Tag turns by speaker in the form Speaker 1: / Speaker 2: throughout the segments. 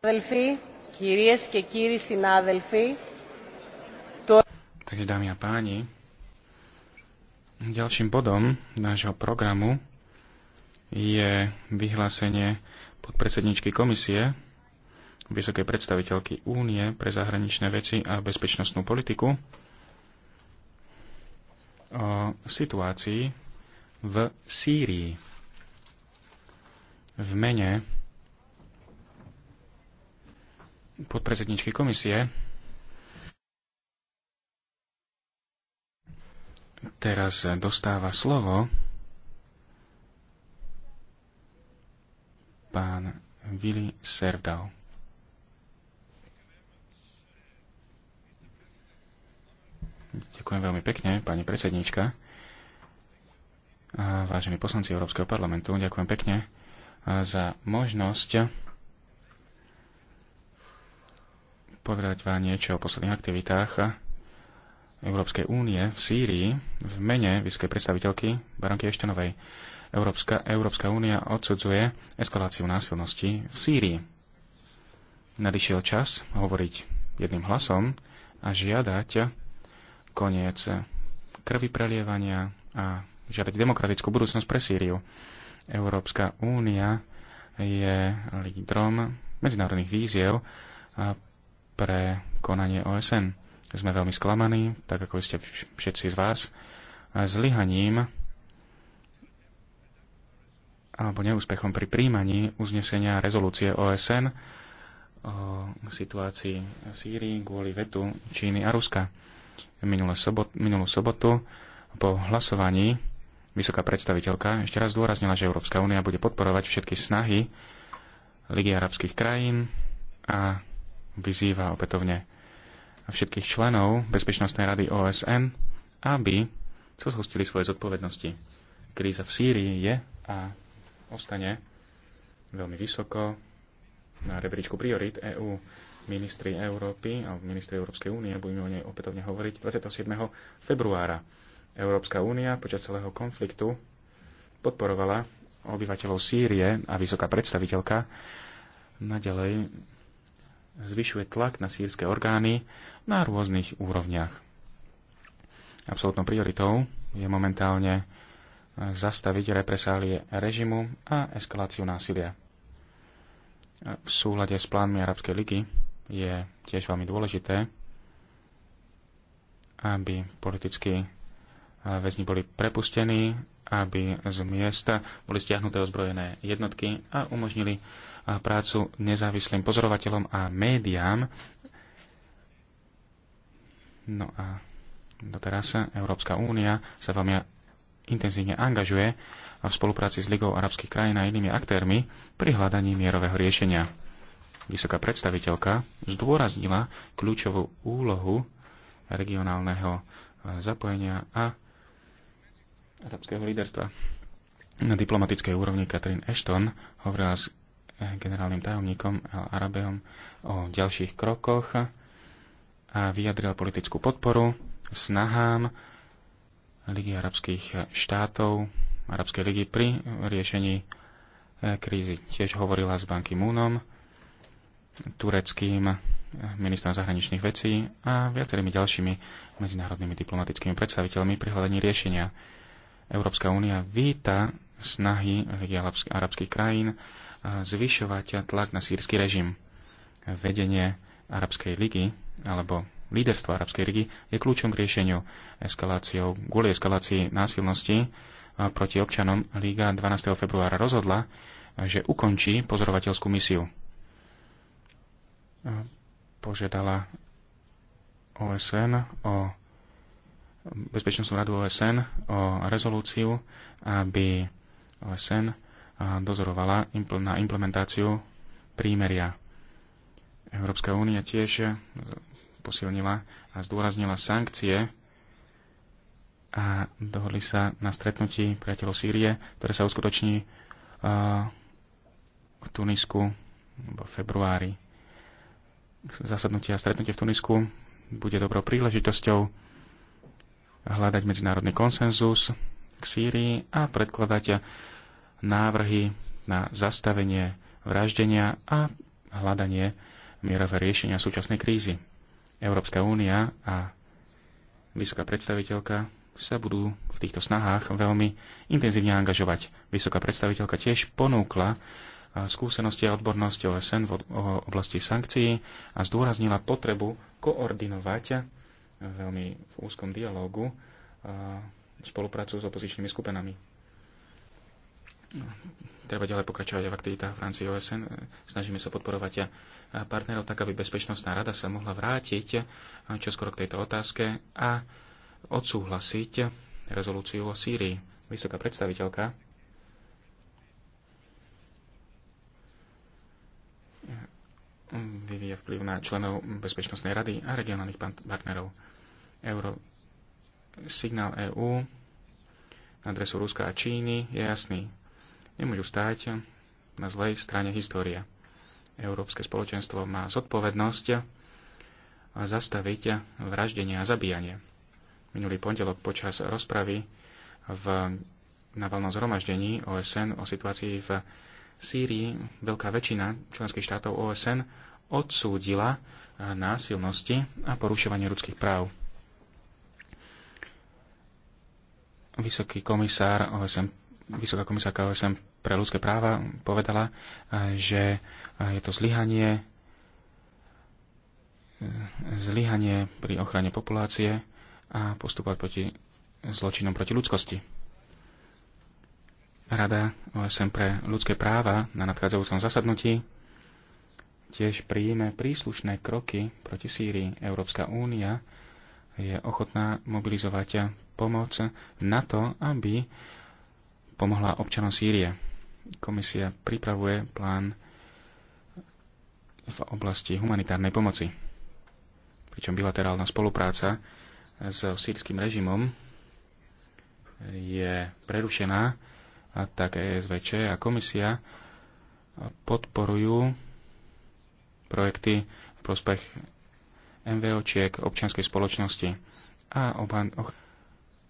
Speaker 1: Takže
Speaker 2: dámy a páni, ďalším bodom nášho programu je vyhlásenie podpredsedničky komisie vysokej predstaviteľky Únie pre zahraničné veci a bezpečnostnú politiku o situácii v Sýrii. V mene podpredsedničky komisie. Teraz dostáva slovo pán Vili Serdal. Ďakujem veľmi pekne, pani A Vážení poslanci Európskeho parlamentu, ďakujem pekne za možnosť povedať vám niečo o posledných aktivitách Európskej únie v Sýrii v mene vysokej predstaviteľky baronky Eštenovej. Európska, Európska únia odsudzuje eskaláciu násilnosti v Sýrii. Nadišiel čas hovoriť jedným hlasom a žiadať koniec krvi prelievania a žiadať demokratickú budúcnosť pre Sýriu. Európska únia je lídrom medzinárodných víziev pre konanie OSN. Sme veľmi sklamaní, tak ako ste všetci z vás, zlyhaním alebo neúspechom pri príjmaní uznesenia rezolúcie OSN o situácii v Sýrii kvôli vetu Číny a Ruska. sobot, minulú sobotu po hlasovaní vysoká predstaviteľka ešte raz zdôraznila, že Európska únia bude podporovať všetky snahy Ligy arabských krajín a vyzýva opätovne všetkých členov Bezpečnostnej rady OSN, aby sa zhostili svoje zodpovednosti. Kríza v Sýrii je a ostane veľmi vysoko na rebríčku priorit EÚ. Ministri Európy a ministri Európskej únie budeme o nej opätovne hovoriť 27. februára. Európska únia počas celého konfliktu podporovala obyvateľov Sýrie a vysoká predstaviteľka naďalej zvyšuje tlak na sírske orgány na rôznych úrovniach. Absolutnou prioritou je momentálne eh, zastaviť represálie režimu a eskaláciu násilia. Eh, v súhľade s plánmi Arabskej ligy je tiež veľmi dôležité, aby politickí eh, väzni boli prepustení, aby z miesta boli stiahnuté ozbrojené jednotky a umožnili a prácu nezávislým pozorovateľom a médiám. No a doteraz Európska únia sa veľmi intenzívne angažuje a v spolupráci s Ligou arabských krajín a inými aktérmi pri hľadaní mierového riešenia. Vysoká predstaviteľka zdôraznila kľúčovú úlohu regionálneho eh, zapojenia a arabského líderstva. Na diplomatickej úrovni Katrin Ashton hovorila s generálnym tajomníkom Al Arabeom o ďalších krokoch a vyjadril politickú podporu snahám Ligy arabských štátov, Arabskej ligy pri riešení e, krízy. Tiež hovorila s Banky Múnom, tureckým e, ministrom zahraničných vecí a viacerými ďalšími medzinárodnými diplomatickými predstaviteľmi pri hľadaní riešenia. Európska únia víta snahy arabských krajín zvyšovať tlak na sírsky režim. Vedenie Arabskej ligy alebo líderstvo Arabskej ligy je kľúčom k riešeniu eskaláciou, kvôli eskalácii násilnosti proti občanom Liga 12. februára rozhodla, že ukončí pozorovateľskú misiu. Požiadala OSN o Bezpečnostnú radu OSN o rezolúciu, aby OSN dozorovala na implementáciu prímeria. Európska únia tiež posilnila a zdôraznila sankcie a dohodli sa na stretnutí priateľov Sýrie, ktoré sa uskutoční v Tunisku v februári. Zasadnutie a stretnutie v Tunisku bude dobrou príležitosťou hľadať medzinárodný konsenzus k Sýrii a predkladať návrhy na zastavenie vraždenia a hľadanie mierové riešenia súčasnej krízy. Európska únia a vysoká predstaviteľka sa budú v týchto snahách veľmi intenzívne angažovať. Vysoká predstaviteľka tiež ponúkla skúsenosti a odbornosť OSN v oblasti sankcií a zdôraznila potrebu koordinovať veľmi v úzkom dialogu spoluprácu s opozičnými skupinami treba ďalej pokračovať v aktivitách v rámci OSN. Snažíme sa podporovať eh, partnerov tak, aby Bezpečnostná rada sa mohla vrátiť eh, čoskoro k tejto otázke a odsúhlasiť rezolúciu o Sýrii. Vysoká predstaviteľka vyvíja vplyv na členov Bezpečnostnej rady a regionálnych partnerov. Euro signál EU. na adresu Ruska a Číny je jasný nemôžu stáť na zlej strane história. Európske spoločenstvo má zodpovednosť zastaviť vraždenie a zabíjanie. Minulý pondelok počas rozpravy v navalnom zhromaždení OSN o situácii v Sýrii veľká väčšina členských štátov OSN odsúdila násilnosti a porušovanie ľudských práv. Vysoký komisár OSN, vysoká komisárka OSN pre ľudské práva povedala, e, že e, je to zlyhanie e, zlyhanie pri ochrane populácie a postupovať proti zločinom proti ľudskosti. Rada OSM pre ľudské práva na nadchádzajúcom zasadnutí tiež príjme príslušné kroky proti Sýrii. Európska únia je ochotná mobilizovať pomoc na to, aby pomohla občanom Sýrie komisia pripravuje plán v oblasti humanitárnej pomoci. Pričom bilaterálna spolupráca s sírským režimom je prerušená a tak ESVČ a komisia podporujú projekty v prospech MVOčiek občianskej spoločnosti a oban,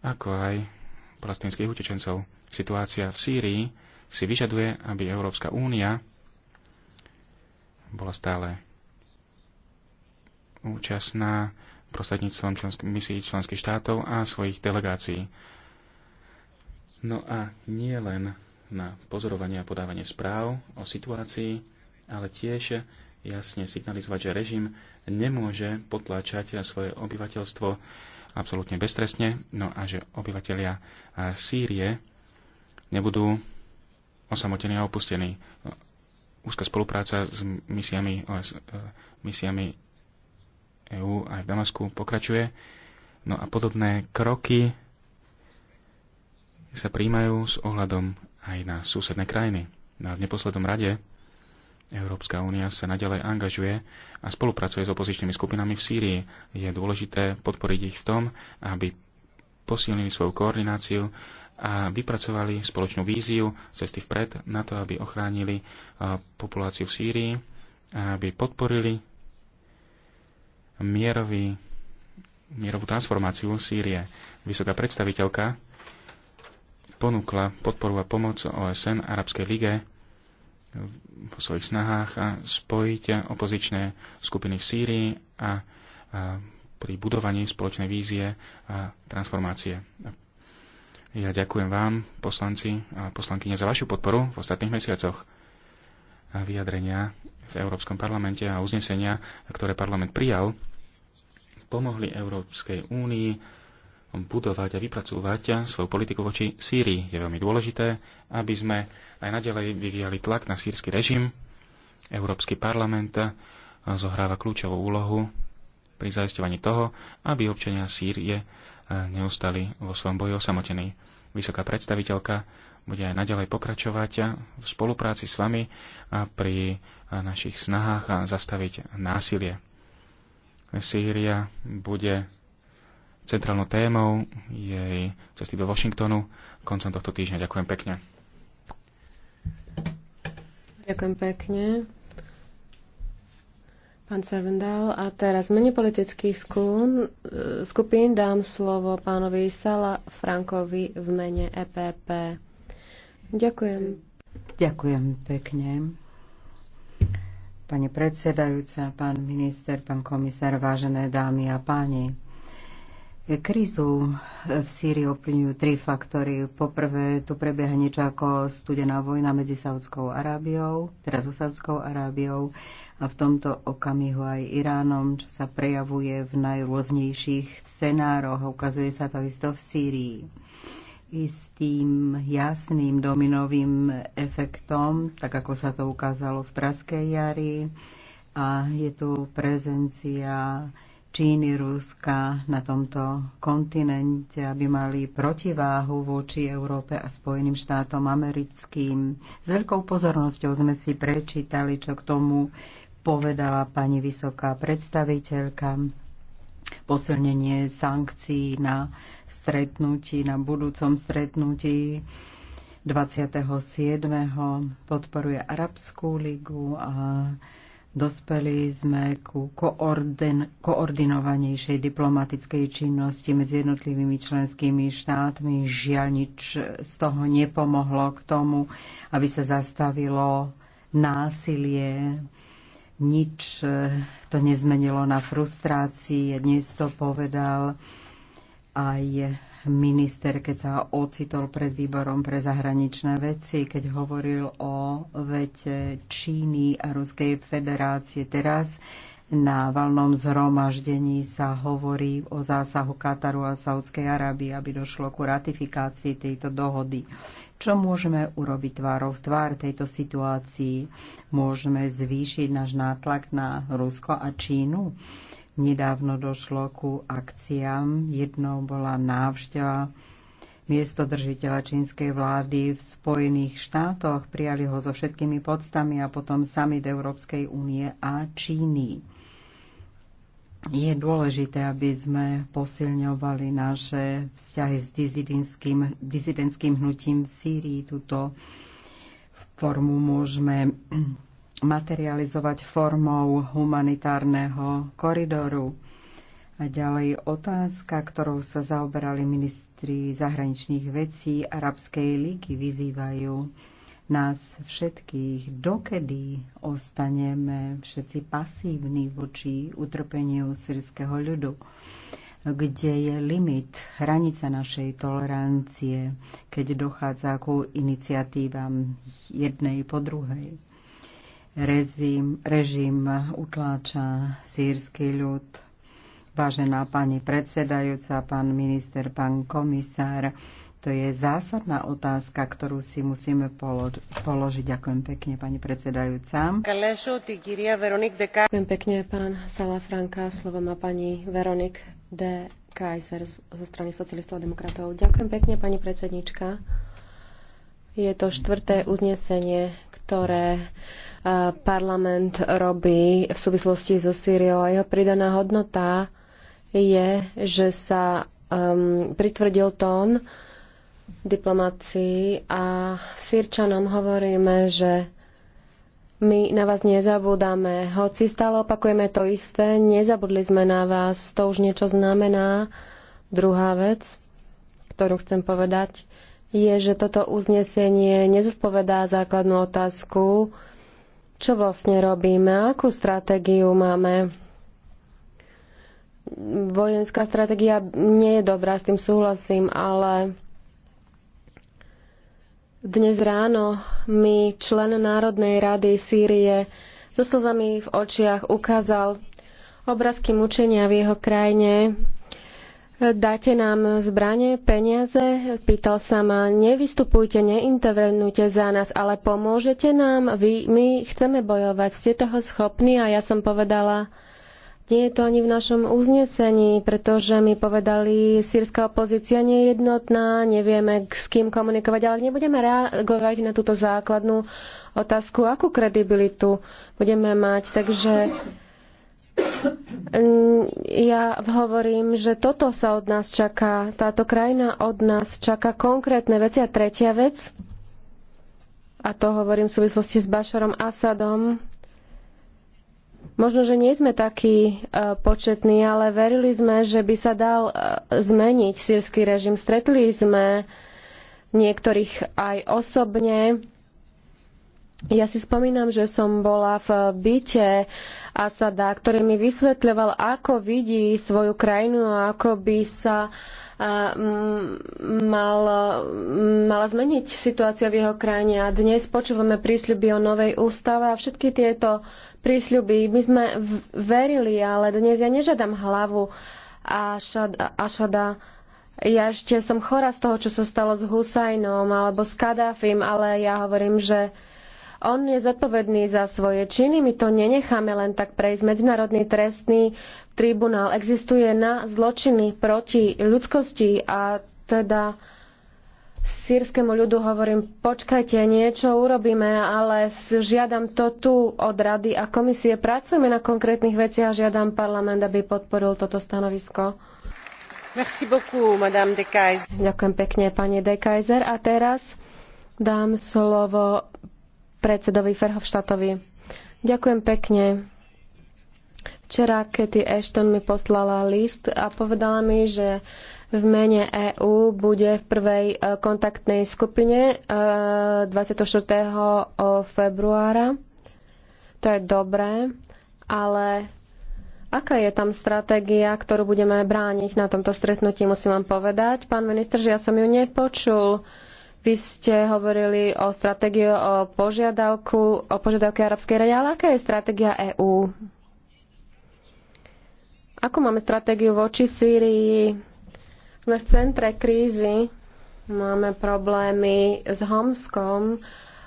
Speaker 2: ako aj palestinských utečencov. Situácia v Sýrii si vyžaduje, aby Európska únia bola stále účastná prostredníctvom člensk- misií členských štátov a svojich delegácií. No a nie len na pozorovanie a podávanie správ o situácii, ale tiež jasne signalizovať, že režim nemôže potláčať svoje obyvateľstvo absolútne beztrestne, no a že obyvateľia Sýrie nebudú osamotený a opustený. Úzka spolupráca s misiami, s e, misiami EÚ aj v Damasku pokračuje. No a podobné kroky sa príjmajú s ohľadom aj na susedné krajiny. No a v neposlednom rade Európska únia sa nadalej angažuje a spolupracuje s opozičnými skupinami v Sýrii. Je dôležité podporiť ich v tom, aby posilnili svoju koordináciu a vypracovali spoločnú víziu cesty vpred na to, aby ochránili populáciu v Sýrii, aby podporili mierový, mierovú transformáciu Sýrie. Vysoká predstaviteľka ponúkla podporu a pomoc OSN Arabskej lige vo svojich snahách a spojiť opozičné skupiny v Sýrii a, a pri budovaní spoločnej vízie a transformácie. Ja ďakujem vám, poslanci a poslankyne, za vašu podporu v ostatných mesiacoch a vyjadrenia v Európskom parlamente a uznesenia, ktoré parlament prijal, pomohli Európskej únii budovať a vypracúvať svoju politiku voči Sýrii. Je veľmi dôležité, aby sme aj naďalej vyvíjali tlak na sírsky režim. Európsky parlament zohráva kľúčovú úlohu pri zaisťovaní toho, aby občania Sýrie neustali vo svojom boji osamotení. Vysoká predstaviteľka bude aj naďalej pokračovať v spolupráci s vami pri našich snahách zastaviť násilie. Sýria bude centrálnou témou jej cesty do Washingtonu koncom tohto týždňa. Ďakujem pekne.
Speaker 3: Ďakujem pekne. Pán Servendal, a teraz mene politických skún, e, skupín dám slovo pánovi Sala Frankovi v mene EPP. Ďakujem.
Speaker 1: Ďakujem pekne. Pani predsedajúca, pán minister, pán komisár, vážené dámy a páni. Krízu v Sýrii ovplyvňujú tri faktory. Poprvé, tu prebieha niečo ako studená vojna medzi Saudskou Arábiou, teraz so Saudskou Arábiou a v tomto okamihu aj Iránom, čo sa prejavuje v najrôznejších scenároch a ukazuje sa to isto v Sýrii. Istým jasným dominovým efektom, tak ako sa to ukázalo v Praskej jari, a je tu prezencia Číny, Ruska na tomto kontinente, aby mali protiváhu voči Európe a Spojeným štátom americkým. S veľkou pozornosťou sme si prečítali, čo k tomu povedala pani vysoká predstaviteľka. Posilnenie sankcií na stretnutí, na budúcom stretnutí 27. podporuje Arabskú ligu a dospeli sme ku koorden, koordinovanejšej diplomatickej činnosti medzi jednotlivými členskými štátmi. Žiaľ, nič z toho nepomohlo k tomu, aby sa zastavilo násilie nič eh, to nezmenilo na frustrácii. Dnes to povedal aj minister, keď sa ocitol pred výborom pre zahraničné veci, keď hovoril o vete Číny a Ruskej federácie. Teraz na valnom zhromaždení sa hovorí o zásahu Kataru a Saudskej Arábie, aby došlo ku ratifikácii tejto dohody. Čo môžeme urobiť tvárov v tvár tejto situácii? Môžeme zvýšiť náš nátlak na Rusko a Čínu? Nedávno došlo ku akciám. Jednou bola návšteva miestodržiteľa čínskej vlády v Spojených štátoch. Prijali ho so všetkými podstami a potom summit Európskej únie a Číny je dôležité, aby sme posilňovali naše vzťahy s dizidentským, hnutím v Sýrii. Tuto formu môžeme materializovať formou humanitárneho koridoru. A ďalej otázka, ktorou sa zaoberali ministri zahraničných vecí Arabskej ligy, vyzývajú nás všetkých, dokedy ostaneme všetci pasívni voči utrpeniu sírskeho ľudu kde je limit, hranica našej tolerancie, keď dochádza ku iniciatívam jednej po druhej. Rezim, režim utláča sírsky ľud. Vážená pani predsedajúca, pán minister, pán komisár, to je zásadná otázka, ktorú si musíme položiť. Ďakujem pekne, pani predsedajúca. Ďakujem
Speaker 3: pekne, pán Sala Franka. Slovo má pani Veronik D. Kaiser zo strany socialistov a demokratov. Ďakujem pekne, pani predsednička. Je to štvrté uznesenie, ktoré parlament robí v súvislosti so Sýriou a jeho pridaná hodnota je, že sa um, pritvrdil tón, diplomácii a Sýrčanom hovoríme, že my na vás nezabúdame. Hoci stále opakujeme to isté, nezabudli sme na vás. To už niečo znamená. Druhá vec, ktorú chcem povedať, je, že toto uznesenie nezodpovedá základnú otázku, čo vlastne robíme, akú stratégiu máme. Vojenská stratégia nie je dobrá, s tým súhlasím, ale dnes ráno mi člen Národnej rady Sýrie so slzami v očiach ukázal obrázky mučenia v jeho krajine. Dáte nám zbranie, peniaze? Pýtal sa ma, nevystupujte, neintervenujte za nás, ale pomôžete nám? Vy, my chceme bojovať, ste toho schopní? A ja som povedala, nie je to ani v našom uznesení, pretože mi povedali, sírska opozícia nie je jednotná, nevieme s kým komunikovať, ale nebudeme reagovať na túto základnú otázku, akú kredibilitu budeme mať. Takže mm, ja hovorím, že toto sa od nás čaká, táto krajina od nás čaká konkrétne veci. A tretia vec, a to hovorím v súvislosti s Bašarom Asadom, Možno, že nie sme takí e, početní, ale verili sme, že by sa dal e, zmeniť sírsky režim. Stretli sme niektorých aj osobne. Ja si spomínam, že som bola v byte Asada, ktorý mi vysvetľoval, ako vidí svoju krajinu a ako by sa e, mal, mala zmeniť situácia v jeho krajine. A dnes počúvame prísľuby o novej ústave a všetky tieto uh, prísľuby. My sme verili, ale dnes ja nežiadam hlavu a šada, Ja ešte som chora z toho, čo sa stalo s Husajnom alebo s Kadáfim, ale ja hovorím, že on je zodpovedný za svoje činy, my to nenecháme len tak prejsť. Medzinárodný trestný tribunál existuje na zločiny proti ľudskosti a teda sírskému ľudu hovorím, počkajte, niečo urobíme, ale žiadam to tu od rady a komisie. Pracujeme na konkrétnych veciach a žiadam parlament, aby podporil toto stanovisko. Merci beaucoup, madame de Kaiser. Ďakujem pekne, pani de Kaiser. A teraz dám slovo predsedovi Ferhofštátovi. Ďakujem pekne. Včera Katie Ashton mi poslala list a povedala mi, že v mene EÚ bude v prvej e, kontaktnej skupine 24. E, e, februára. To je dobré, ale Aká je tam stratégia, ktorú budeme brániť na tomto stretnutí, musím vám povedať. Pán minister, že ja som ju nepočul. Vy ste hovorili o stratégiu, o požiadavku, o požiadavke Arabskej rady, ale aká je stratégia EÚ? Ako máme stratégiu voči Sýrii? sme v centre krízy, máme problémy s Homskom,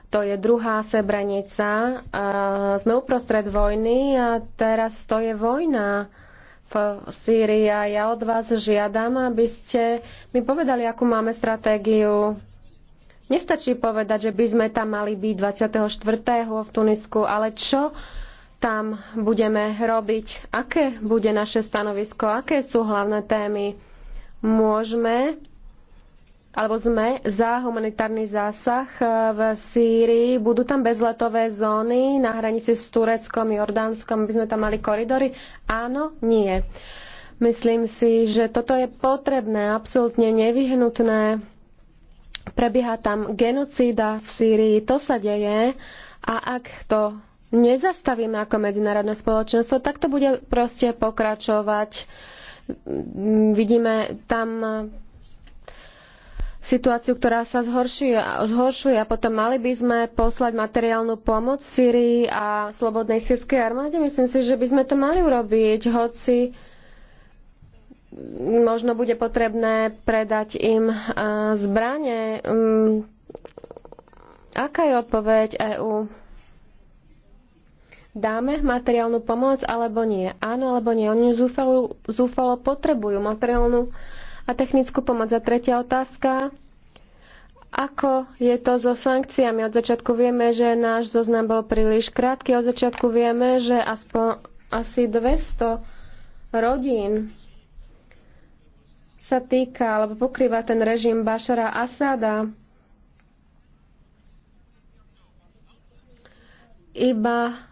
Speaker 3: to je druhá Sebrenica. Sme uprostred vojny a teraz to je vojna v Sýrii a ja od vás žiadam, aby ste mi povedali, akú máme stratégiu. Nestačí povedať, že by sme tam mali byť 24. v Tunisku, ale čo tam budeme robiť? Aké bude naše stanovisko? Aké sú hlavné témy? môžeme alebo sme za humanitárny zásah eh, v Sýrii. Budú tam bezletové zóny na hranici s Tureckom, Jordánskom, by sme tam mali koridory? Áno, nie. Myslím si, že toto je potrebné, absolútne nevyhnutné. Prebieha tam genocída v Sýrii, to sa deje a ak to nezastavíme ako medzinárodné spoločenstvo, tak to bude proste pokračovať vidíme tam situáciu, ktorá sa zhoršuje, zhoršuje a potom mali by sme poslať materiálnu pomoc Syrii a Slobodnej sírskej armáde. Myslím si, že by sme to mali urobiť, hoci možno bude potrebné predať im eh, zbranie. Mm, aká je odpoveď EÚ? dáme materiálnu pomoc alebo nie. Áno alebo nie. Oni zúfalo, zúfalo potrebujú materiálnu a technickú pomoc. A tretia otázka. Ako je to so sankciami? Od začiatku vieme, že náš zoznam bol príliš krátky. Od začiatku vieme, že aspoň asi 200 rodín sa týka alebo pokrýva ten režim Bašara Asada. Iba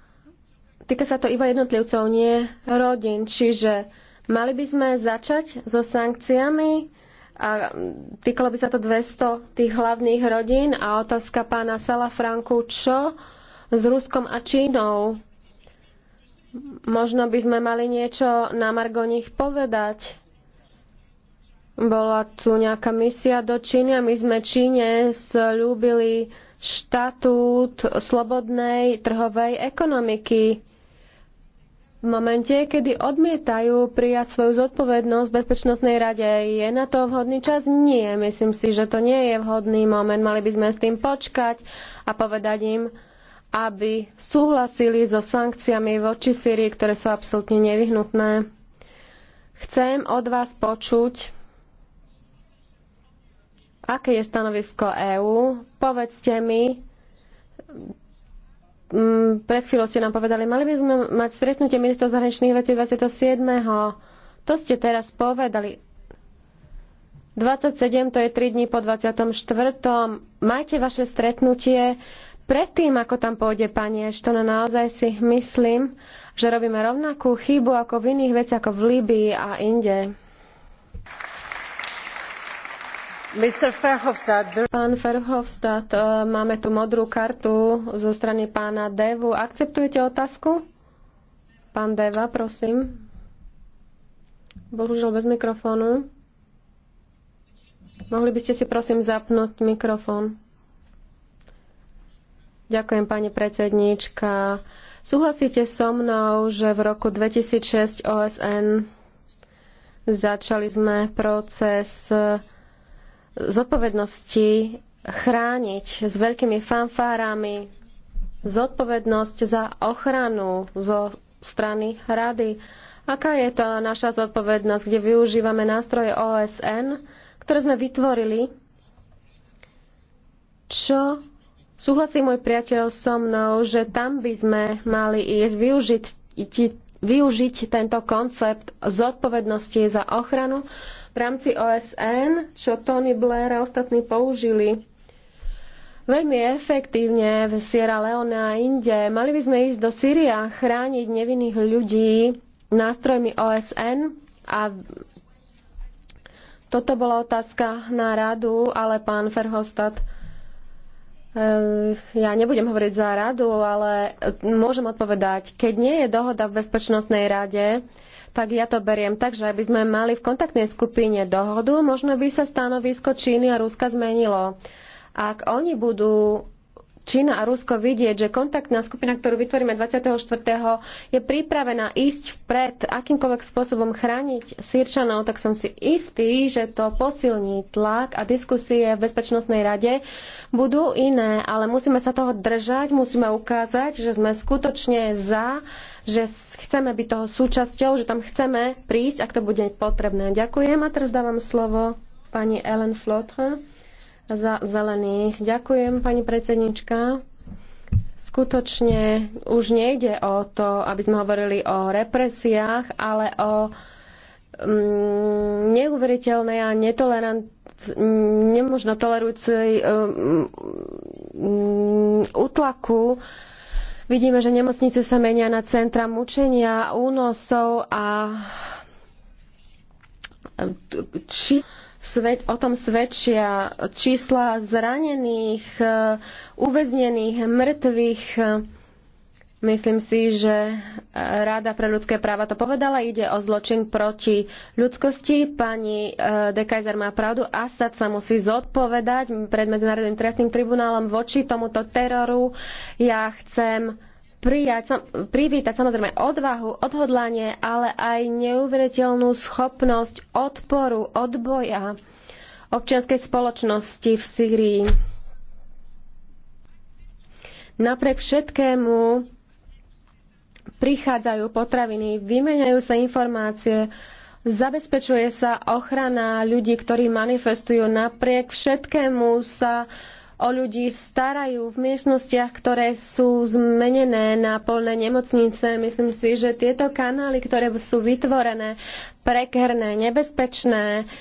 Speaker 3: Týka sa to iba jednotlivcov, nie rodín. Čiže mali by sme začať so sankciami a týkalo by sa to 200 tých hlavných rodín a otázka pána Sala Franku čo s Ruskom a Čínou? Možno by sme mali niečo na Margo nich povedať. Bola tu nejaká misia do Číny a my sme Číne slúbili štatút slobodnej trhovej ekonomiky v momente, kedy odmietajú prijať svoju zodpovednosť v Bezpečnostnej rade, je na to vhodný čas? Nie, myslím si, že to nie je vhodný moment. Mali by sme s tým počkať a povedať im, aby súhlasili so sankciami voči Syrii, ktoré sú absolútne nevyhnutné. Chcem od vás počuť, aké je stanovisko EÚ. Povedzte mi, Mm, pred chvíľou ste nám povedali, mali by sme mať stretnutie ministrov zahraničných vecí 27. To ste teraz povedali. 27 to je 3 dní po 24. Majte vaše stretnutie predtým, ako tam pôjde pani Eštona. Naozaj si myslím, že robíme rovnakú chybu ako v iných veciach, ako v Líbii a inde. Pán Verhofstadt, eh, máme tu modrú kartu zo strany pána Devu. Akceptujete otázku? Pán Deva, prosím. Bohužiaľ bez mikrofónu. Mohli by ste si prosím zapnúť mikrofón. Ďakujem, pani predsedníčka. Súhlasíte so mnou, že v roku 2006 OSN začali sme proces zodpovednosti chrániť s veľkými fanfárami zodpovednosť za ochranu zo strany rady. Aká je to naša zodpovednosť, kde využívame nástroje OSN, ktoré sme vytvorili? Čo súhlasí môj priateľ so mnou, že tam by sme mali ísť využiť, využiť tento koncept zodpovednosti za ochranu rámci OSN, čo Tony Blair a ostatní použili veľmi efektívne v Sierra Leone a inde. Mali by sme ísť do Syria chrániť nevinných ľudí nástrojmi OSN a toto bola otázka na radu, ale pán Ferhostad, eh, ja nebudem hovoriť za radu, ale môžem odpovedať. Keď nie je dohoda v Bezpečnostnej rade, tak ja to beriem tak, že aby sme mali v kontaktnej skupine dohodu, možno by sa stanovisko Číny a Ruska zmenilo. Ak oni budú Čína a Rusko vidieť, že kontaktná skupina, ktorú vytvoríme 24. je pripravená ísť vpred, akýmkoľvek spôsobom chrániť Sýrčanov, tak som si istý, že to posilní tlak a diskusie v Bezpečnostnej rade budú iné, ale musíme sa toho držať, musíme ukázať, že sme skutočne za, že chceme byť toho súčasťou, že tam chceme prísť, ak to bude potrebné. Ďakujem a teraz dávam slovo pani Ellen Flotre za zelených. Ďakujem, pani predsednička. Skutočne už nejde o to, aby sme hovorili o represiách, ale o mm, neuveriteľnej a netolerant, nemožno tolerujúcej um, mm, um, mm, utlaku Vidíme, že nemocnice sa menia na centra mučenia, únosov a či svet, o tom svedčia čísla zranených, eh, uväznených, mŕtvych. Myslím si, že eh, Rada pre ľudské práva to povedala. Ide o zločin proti ľudskosti. Pani eh, de Kaiser má pravdu. Assad sa musí zodpovedať pred Medzinárodným trestným tribunálom voči tomuto teroru. Ja chcem prijať, privítať samozrejme odvahu, odhodlanie, ale aj neuveriteľnú schopnosť odporu, odboja občianskej spoločnosti v Syrii. Napriek všetkému prichádzajú potraviny, vymeniajú sa informácie, zabezpečuje sa ochrana ľudí, ktorí manifestujú. Napriek všetkému sa uh, o ľudí starajú v miestnostiach, ktoré sú zmenené na plné nemocnice. Myslím si, že tieto kanály, ktoré sú vytvorené, prekerné, nebezpečné,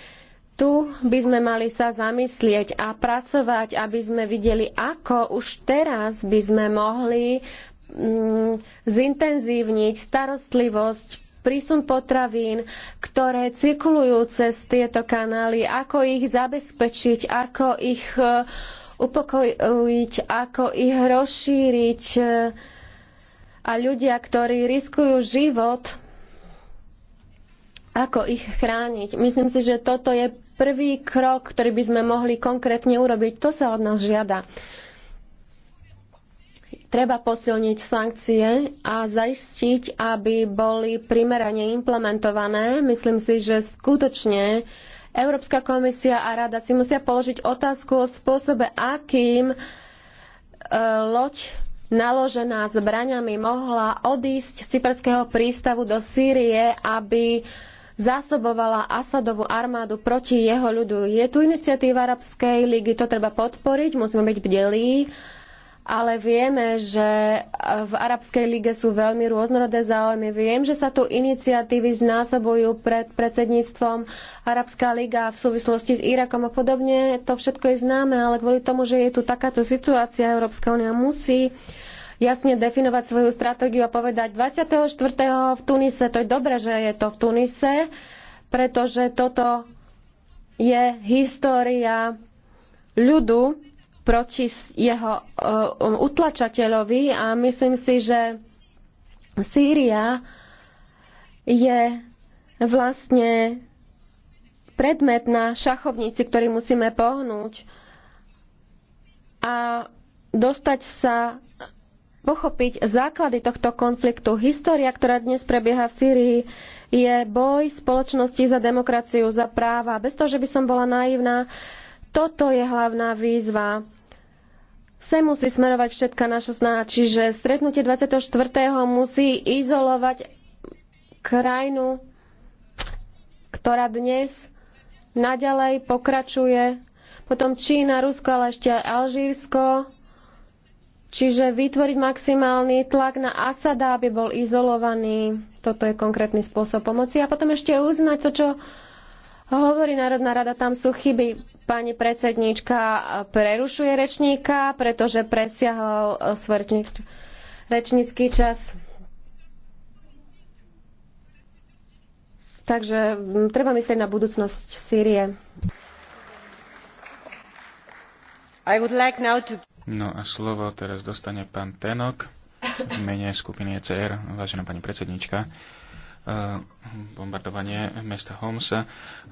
Speaker 3: tu by sme mali sa zamyslieť a pracovať, aby sme videli, ako už teraz by sme mohli mm, zintenzívniť starostlivosť prísun potravín, ktoré cirkulujú cez tieto kanály, ako ich zabezpečiť, ako ich uh, upokojiť, ako ich rozšíriť. Eh, a ľudia, ktorí riskujú život, ako ich chrániť. Myslím si, že toto je prvý krok, ktorý by sme mohli konkrétne urobiť. To sa od nás žiada treba posilniť sankcie a zaistiť, aby boli primerane implementované. Myslím si, že skutočne Európska komisia a rada si musia položiť otázku o spôsobe, akým e, loď naložená zbraňami mohla odísť z cyperského prístavu do Sýrie, aby zásobovala Asadovú armádu proti jeho ľudu. Je tu iniciatíva Arabskej ligy, to treba podporiť, musíme byť bdelí, ale vieme, že v Arabskej lige sú veľmi rôznorodé záujmy. Viem, že sa tu iniciatívy znásobujú pred predsedníctvom Arabská liga v súvislosti s Irakom a podobne. To všetko je známe, ale kvôli tomu, že je tu takáto situácia, Európska únia musí jasne definovať svoju stratégiu a povedať 24. v Tunise, to je dobré, že je to v Tunise, pretože toto je história ľudu proti jeho e, utlačateľovi a myslím si, že Sýria je vlastne predmet na šachovnici, ktorý musíme pohnúť a dostať sa pochopiť základy tohto konfliktu. História, ktorá dnes prebieha v Sýrii, je boj spoločnosti za demokraciu, za práva. Bez toho, že by som bola naivná, toto je hlavná výzva. Sem musí smerovať všetka naša snaha, čiže stretnutie 24. musí izolovať krajinu, ktorá dnes naďalej pokračuje. Potom Čína, Rusko, ale ešte aj Alžírsko. Čiže vytvoriť maximálny tlak na Asada, aby bol izolovaný. Toto je konkrétny spôsob pomoci. A potom ešte uznať to, čo hovorí Národná rada. Tam sú chyby. Pani predsedníčka prerušuje rečníka, pretože presiahol eh, svoj rečnícky čas. Takže mm, treba myslieť na budúcnosť Sýrie.
Speaker 1: Like to...
Speaker 2: No a slovo teraz dostane pán Tenok v mene skupiny ECR, vážená pani predsednička. Hm, bombardovanie mesta Homs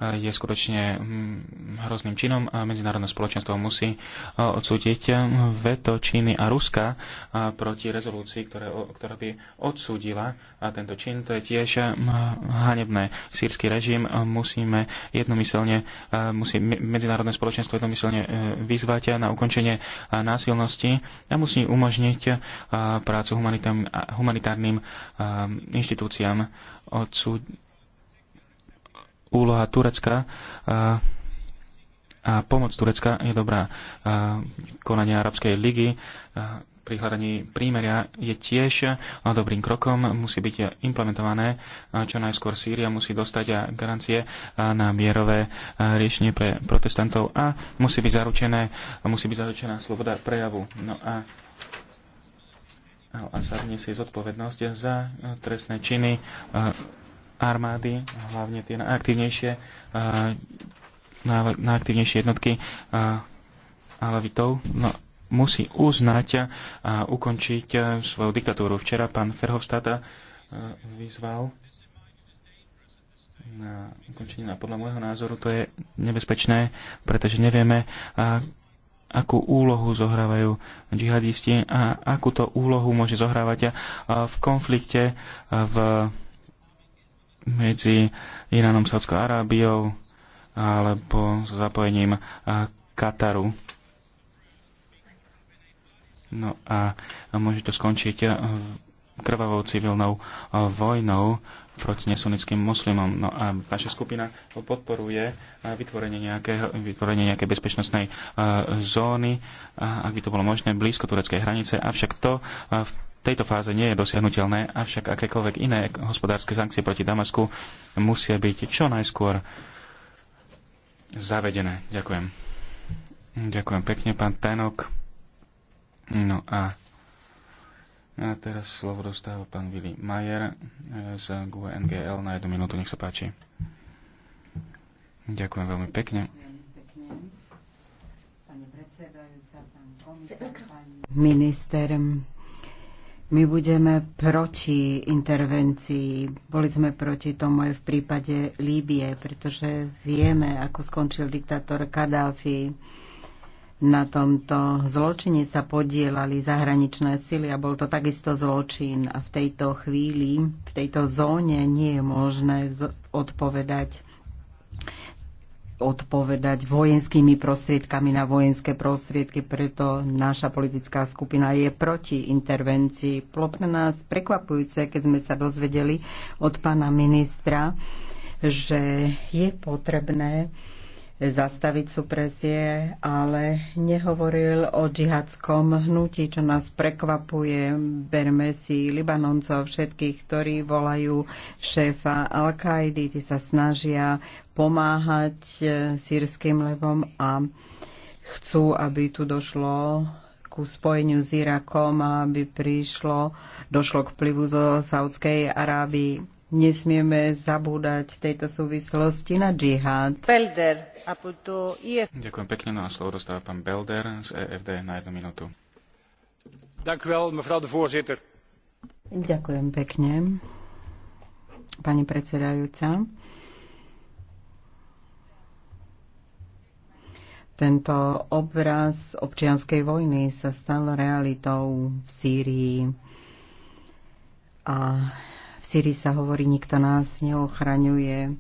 Speaker 2: je skutočne hm, hrozným činom a medzinárodné spoločenstvo musí odsúdiť hm, veto Číny a Ruska proti rezolúcii, ktoré, ktorá by odsúdila a tento čin. To je tiež hanebné. Sýrsky režim musíme jednomyselne, musí medzinárodné spoločenstvo jednomyselne e, vyzvať na ukončenie násilnosti a musí umožniť prácu humanitárnym, humanitárnym inštitúciám od úloha Turecka a, a pomoc Turecka je dobrá. A, konanie Arabskej ligy a, pri hľadaní prímeria je tiež dobrým krokom, musí byť implementované. Čo najskôr Sýria musí dostať garancie na mierové riešenie pre protestantov a musí byť zaručené, musí byť zaručená sloboda prejavu. No a a sa vniesie zodpovednosť za eh, trestné činy eh, armády, hlavne tie najaktívnejšie, eh, najaktívnejšie jednotky Alavitov. No, musí uznať a ukončiť svoju diktatúru. Včera pán Ferhovstata vyzval na ukončenie. A podľa môjho názoru to je nebezpečné, pretože nevieme, akú úlohu zohrávajú džihadisti a akú to úlohu môže zohrávať v konflikte v, medzi Iránom, Sádskou Arábiou alebo s zapojením Kataru. No a môže to skončiť krvavou civilnou eh, vojnou proti nesunickým muslimom. No a naša skupina podporuje eh, vytvorenie, nejakého, vytvorenie nejakej bezpečnostnej eh, zóny, ak by to bolo možné, blízko tureckej hranice. Avšak to v tejto fáze nie je dosiahnutelné, avšak akékoľvek iné hospodárske sankcie proti Damasku musia byť čo najskôr zavedené. Ďakujem. Ďakujem pekne, pán Tenok. No a a teraz slovo dostáva pán Vili Majer e, z GuNGL. na jednu minútu, nech sa páči. Ďakujem veľmi pekne.
Speaker 1: Minister, my budeme proti intervencii. Boli sme proti tomu aj v prípade Líbie, pretože vieme, ako skončil diktátor Kadáfi na tomto zločine sa podielali zahraničné sily a bol to takisto zločin. A v tejto chvíli, v tejto zóne nie je možné odpovedať odpovedať vojenskými prostriedkami na vojenské prostriedky, preto naša politická skupina je proti intervencii. Bolo pre nás prekvapujúce, keď sme sa dozvedeli od pána ministra, že je potrebné zastaviť supresie, ale nehovoril o džihadskom hnutí, čo nás prekvapuje. Berme si Libanoncov, všetkých, ktorí volajú šéfa Al-Kaidi, tí sa snažia pomáhať e, sírským levom a chcú, aby tu došlo ku spojeniu s Irakom, aby prišlo, došlo k plivu zo Saudskej Arábii. Nesmieme zabúdať v tejto súvislosti na džihad. Belder, to...
Speaker 2: Ďakujem pekne, no a slovo dostáva pán Belder z EFD na jednu minútu.
Speaker 1: Ďakujem pekne, pani predsedajúca. Tento obraz občianskej vojny sa stal realitou v Sýrii a Syrii sa hovorí, nikto nás neochraňuje.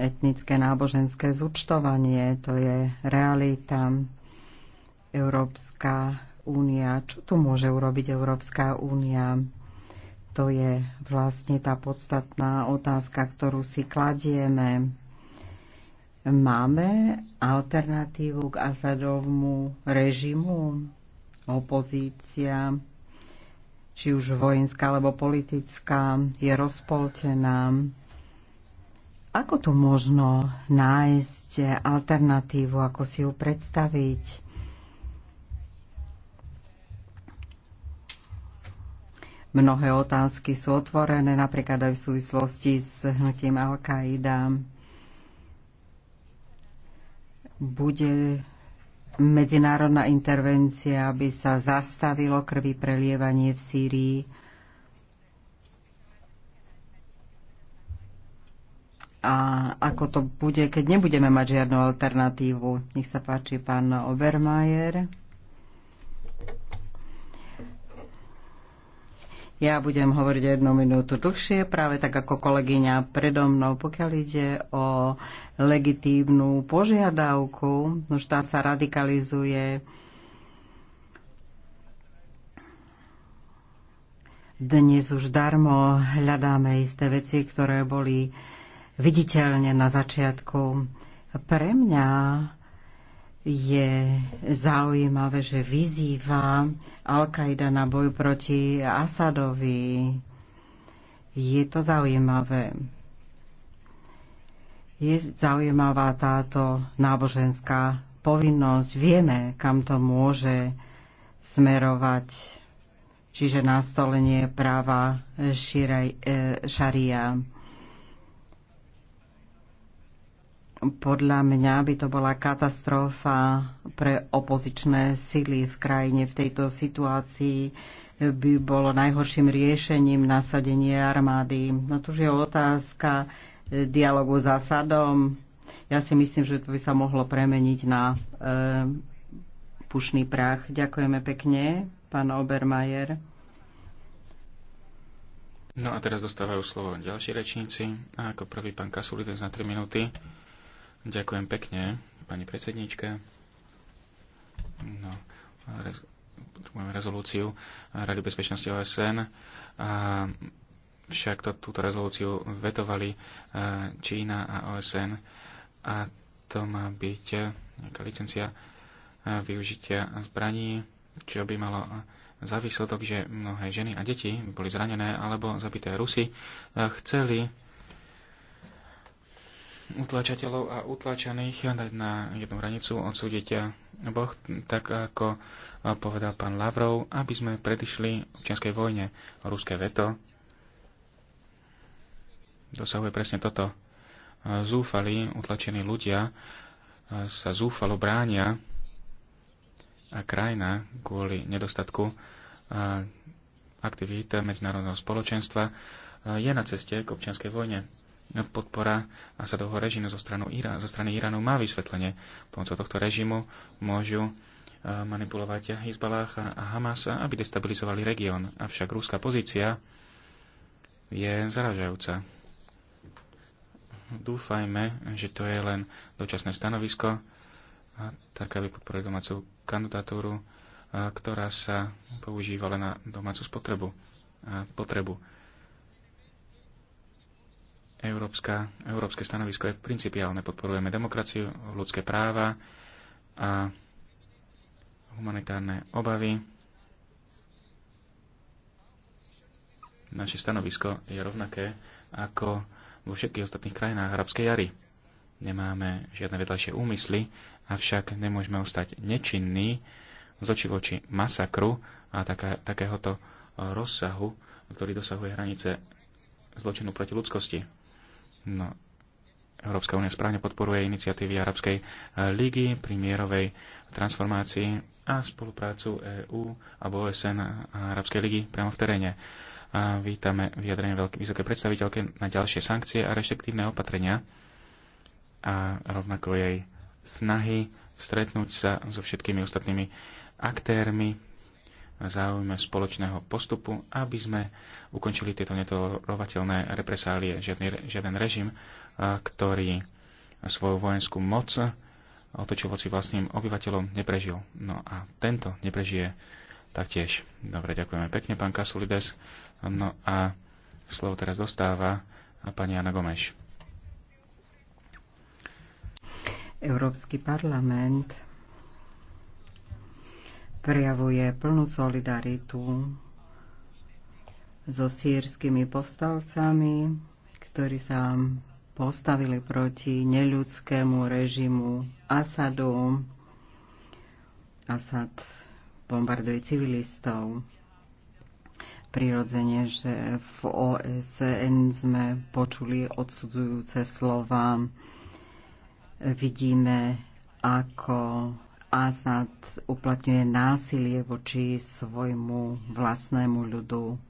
Speaker 1: Etnické náboženské zúčtovanie, to je realita. Európska únia, čo tu môže urobiť Európska únia? To je vlastne tá podstatná otázka, ktorú si kladieme. Máme alternatívu k Asadovmu režimu? Opozícia či už vojenská alebo politická, je rozpoltená. Ako tu možno nájsť alternatívu, ako si ju predstaviť? Mnohé otázky sú otvorené, napríklad aj v súvislosti s hnutím Al-Qaida. Bude medzinárodná intervencia, aby sa zastavilo krvi prelievanie v Sýrii. A ako to bude, keď nebudeme mať žiadnu alternatívu? Nech sa páči pán Obermajer. Ja budem hovoriť jednu minútu dlhšie, práve tak ako kolegyňa predo mnou, pokiaľ ide o legitívnu požiadavku, už no tá sa radikalizuje. Dnes už darmo hľadáme isté veci, ktoré boli viditeľne na začiatku. Pre mňa je zaujímavé, že vyzýva Al-Qaida na boj proti Asadovi. Je to zaujímavé. Je zaujímavá táto náboženská povinnosť. Vieme, kam to môže smerovať, čiže nastolenie práva šíra, e, šaria. Podľa mňa by to bola katastrofa pre opozičné sily v krajine. V tejto situácii by bolo najhorším riešením nasadenie armády. No to je otázka e, dialogu s Asadom. Ja si myslím, že to by sa mohlo premeniť na e, pušný prach. Ďakujeme pekne, pán Obermajer.
Speaker 2: No a teraz dostávajú slovo ďalší rečníci. A ako prvý pán Kasulides na 3 minúty. Ďakujem pekne, pani predsedníčka. No, rez, máme rezolúciu Rady bezpečnosti OSN. A však to, túto rezolúciu vetovali e, Čína a OSN. A to má byť nejaká licencia e, využitia zbraní, čo by malo za výsledok, že mnohé ženy a deti boli zranené alebo zabité Rusy, e, chceli utlačateľov a utlačaných dať na jednu hranicu, odsúdiť eh, Boh, tak ako eh, povedal pán Lavrov, aby sme predišli občianskej vojne. Ruské veto dosahuje presne toto. Eh, zúfali, utlačení ľudia sa zúfalo bránia a krajina kvôli nedostatku aktivít medzinárodného spoločenstva je na ceste k občianskej vojne podpora Asadovho režimu zo, stranu Ira, zo strany Iránu má vysvetlenie. Pomocou tohto režimu môžu e, manipulovať Hezbalách a Hamas, aby destabilizovali región. Avšak rúská pozícia je zaražajúca. Dúfajme, že to je len dočasné stanovisko, tak aby podporili domácu kandidatúru, ktorá sa používa na domácu spotrebu. Potrebu. Európska, európske stanovisko je principiálne. Podporujeme demokraciu, ľudské práva a humanitárne obavy. Naše stanovisko je rovnaké ako vo všetkých ostatných krajinách arabskej jary. Nemáme žiadne vedľajšie úmysly, avšak nemôžeme ostať nečinní z oči voči masakru a také, takéhoto rozsahu, ktorý dosahuje hranice zločinu proti ľudskosti No, Európska únia správne podporuje iniciatívy Arabskej e, ligy pri mierovej transformácii a spoluprácu EÚ alebo OSN a Arabskej ligy priamo v teréne. A vítame vyjadrenie veľké, vysoké predstaviteľke na ďalšie sankcie a reštriktívne opatrenia a rovnako jej snahy stretnúť sa so všetkými ostatnými aktérmi záujme spoločného postupu, aby sme ukončili tieto netolerovateľné represálie. Žiadny, žiaden režim, ktorý svoju vojenskú moc otočil voci vlastným obyvateľom, neprežil. No a tento neprežije taktiež. Dobre, ďakujeme pekne, pán Kasulides. No a slovo teraz dostáva pani Jana Gomeš.
Speaker 1: Európsky parlament prejavuje plnú solidaritu so sírskymi povstalcami, ktorí sa postavili proti neľudskému režimu Asadu. Asad bombarduje civilistov. Prirodzene, že v OSN sme počuli odsudzujúce slova. Vidíme, ako Asad uplatňuje násilie voči svojmu vlastnému ľudu.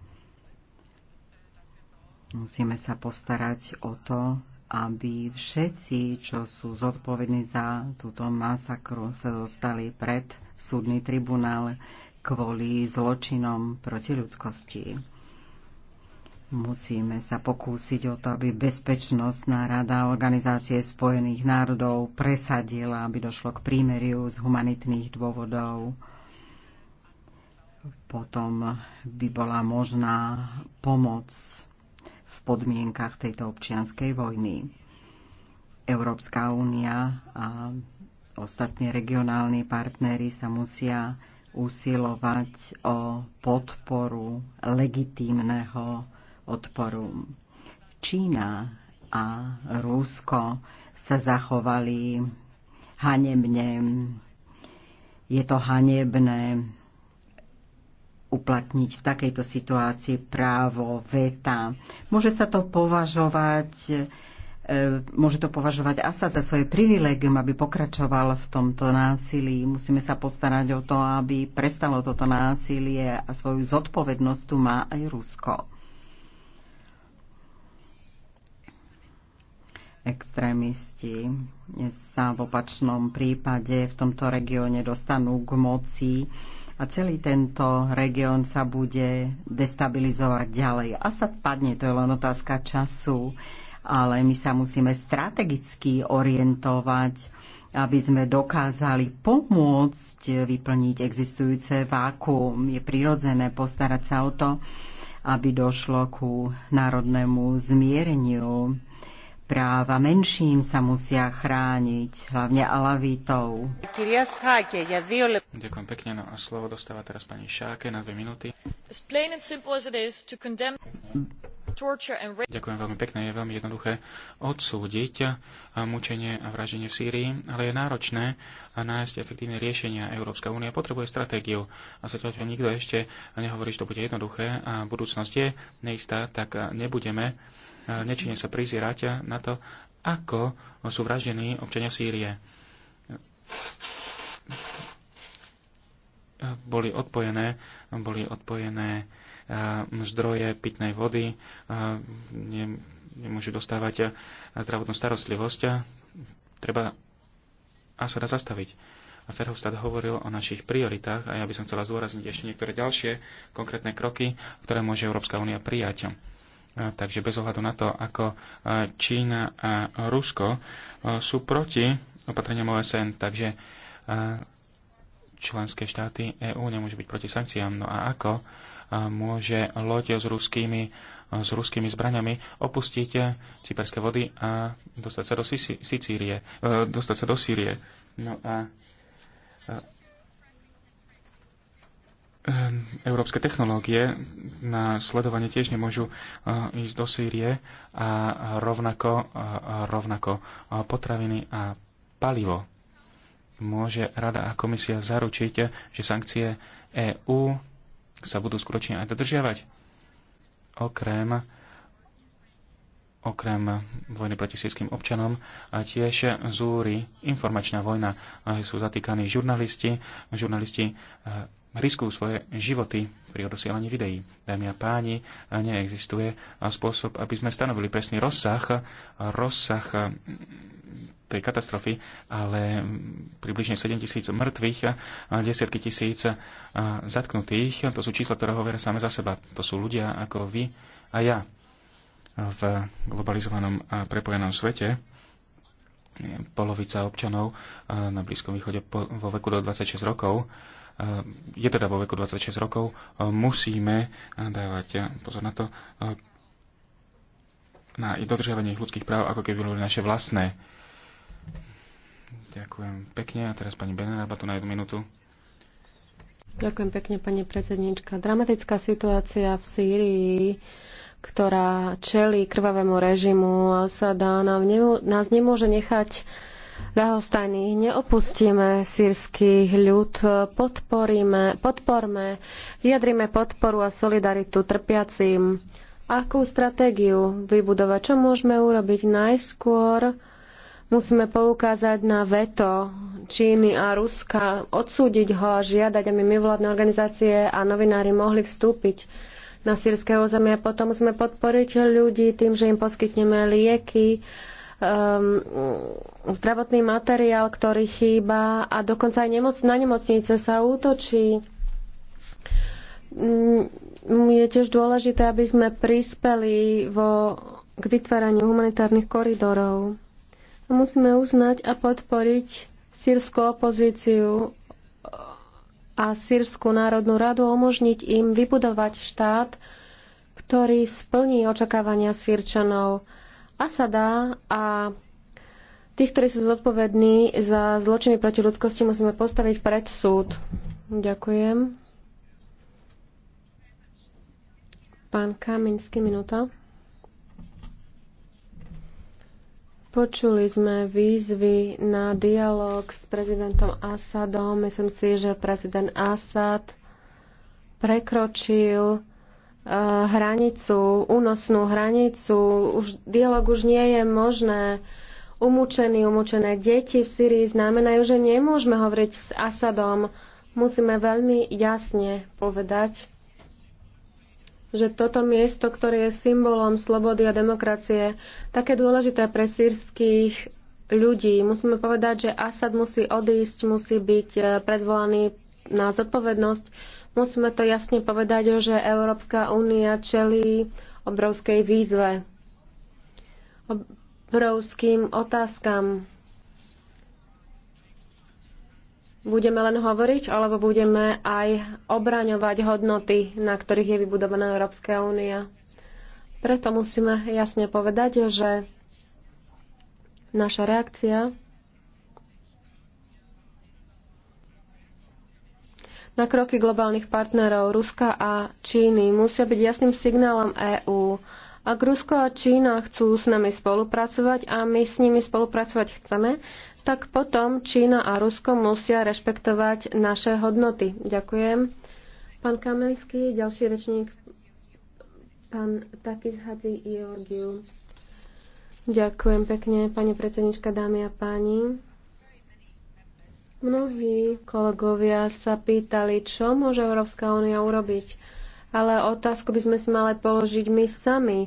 Speaker 1: Musíme sa postarať o to, aby všetci, čo sú zodpovední za túto masakru, sa dostali pred súdny tribunál kvôli zločinom proti ľudskosti. Musíme sa pokúsiť o to, aby Bezpečnostná rada Organizácie spojených národov presadila, aby došlo k prímeriu z humanitných dôvodov. Potom by bola možná pomoc v podmienkach tejto občianskej vojny. Európska únia a ostatní regionálni partnery sa musia usilovať o podporu legitímneho odporu. Čína a Rusko sa zachovali hanebne. Je to hanebné uplatniť v takejto situácii právo veta. Môže sa to považovať e, môže to považovať Asad za svoje privilegium, aby pokračoval v tomto násilí. Musíme sa postarať o to, aby prestalo toto násilie a svoju zodpovednosť tu má aj Rusko. extrémisti sa v opačnom prípade v tomto regióne dostanú k moci a celý tento región sa bude destabilizovať ďalej. Asad padne, to je len otázka času, ale my sa musíme strategicky orientovať, aby sme dokázali pomôcť vyplniť existujúce vákuum. Je prirodzené postarať sa o to, aby došlo ku národnému zmiereniu práva menším sa musia chrániť,
Speaker 2: hlavne alavítov. Ďakujem pekne, no a slovo dostáva teraz pani Šáke na dve minúty. Ďakujem veľmi pekne, je veľmi jednoduché odsúdiť mučenie a vraženie v Sýrii, ale je náročné nájsť efektívne riešenia. Európska únia potrebuje stratégiu a zatiaľ, čo nikto ešte nehovorí, že to bude jednoduché a budúcnosť je neistá, tak nebudeme E, nečine sa prizierať na to, ako sú vraždení občania Sýrie. E, boli odpojené, boli odpojené e, zdroje pitnej vody, nemôžu dostávať zdravotnú starostlivosť. Treba Asada zastaviť. A Ferhofstadt hovoril o našich prioritách a ja by som chcela zdôrazniť ešte niektoré ďalšie konkrétne kroky, ktoré môže Európska únia prijať. Takže bez ohľadu na to, ako Čína a Rusko sú proti opatreniam OSN, takže členské štáty EÚ nemôžu byť proti sankciám. No a ako môže loď s ruskými, s ruskými zbraňami opustiť cyperské vody a dostať sa do, Sicílie, e, dostať sa do Sýrie. No a Ehm, európske technológie na sledovanie tiež nemôžu eh, ísť do Sýrie a rovnako, eh, rovnako eh, potraviny a palivo. Môže Rada a komisia zaručiť, že sankcie EÚ sa budú skutočne aj dodržiavať? Okrem okrem vojny proti sírským občanom a tiež zúri informačná vojna. Sú zatýkaní žurnalisti, žurnalisti e, riskujú svoje životy pri odosielaní videí. Dámy a páni, neexistuje spôsob, aby sme stanovili presný rozsah, rozsah e, tej katastrofy, ale približne 7 tisíc mŕtvych, a desiatky tisíc e, zatknutých, to sú čísla, ktoré hovoria same za seba. To sú ľudia ako vy a ja v globalizovanom a prepojenom svete polovica občanov eh, na Blízkom východe vo veku do 26 rokov eh, je teda vo veku 26 rokov, eh, musíme dávať pozor na to, na dodržiavanie ľudských práv, ako keby boli naše vlastné. Ďakujem pekne. A teraz pani Beneraba tu na jednu minútu.
Speaker 3: Ďakujem pekne, pani predsednička. Dramatická situácia v Sýrii ktorá čelí krvavému režimu sa dá nám nás nemôže nechať ľahostajný. Neopustíme sírsky ľud, podporíme, podporme, vyjadrime podporu a solidaritu trpiacim. Akú stratégiu vybudovať? Čo môžeme urobiť najskôr? Musíme poukázať na veto Číny a Ruska, odsúdiť ho a žiadať, aby mimovládne organizácie a novinári mohli vstúpiť na sírske územie. Potom sme podporiť ľudí tým, že im poskytneme lieky, um, zdravotný materiál, ktorý chýba a dokonca aj nemoc, na nemocnice sa útočí. Mm, je tiež dôležité, aby sme prispeli vo, k vytváraniu humanitárnych koridorov. Musíme uznať a podporiť sírskú opozíciu a Sýrskú národnú radu umožniť im vybudovať štát, ktorý splní očakávania Sýrčanov. Asada a tých, ktorí sú zodpovední za zločiny proti ľudskosti, musíme postaviť pred súd. Ďakujem. Pán Kaminsky, minúta. Počuli sme výzvy na dialog s prezidentom Asadom. Myslím si, že prezident Asad prekročil eh, hranicu, únosnú hranicu. Už, dialog už nie je možné. Umúčení, umúčené deti v Syrii znamenajú, že nemôžeme hovoriť s Asadom. Musíme veľmi jasne povedať, že toto miesto, ktoré je symbolom slobody a demokracie, také dôležité pre sírských ľudí. Musíme povedať, že Asad musí odísť, musí byť eh, predvolaný na zodpovednosť. Musíme to jasne povedať, že Európska únia čelí obrovskej výzve, obrovským otázkam, Budeme len hovoriť, alebo budeme aj obraňovať hodnoty, na ktorých je vybudovaná Európska únia. Preto musíme jasne povedať, že naša reakcia na kroky globálnych partnerov Ruska a Číny musia byť jasným signálom EÚ. Ak Rusko a Čína chcú s nami spolupracovať a my s nimi spolupracovať chceme, tak potom Čína a Rusko musia rešpektovať naše hodnoty. Ďakujem. Pán Kamenský, ďalší rečník, pán Takis Hadzi Georgiu. Ďakujem pekne, pani predsednička, dámy a páni. Mnohí kolegovia sa pýtali, čo môže Európska únia urobiť. Ale otázku by sme si mali položiť my sami.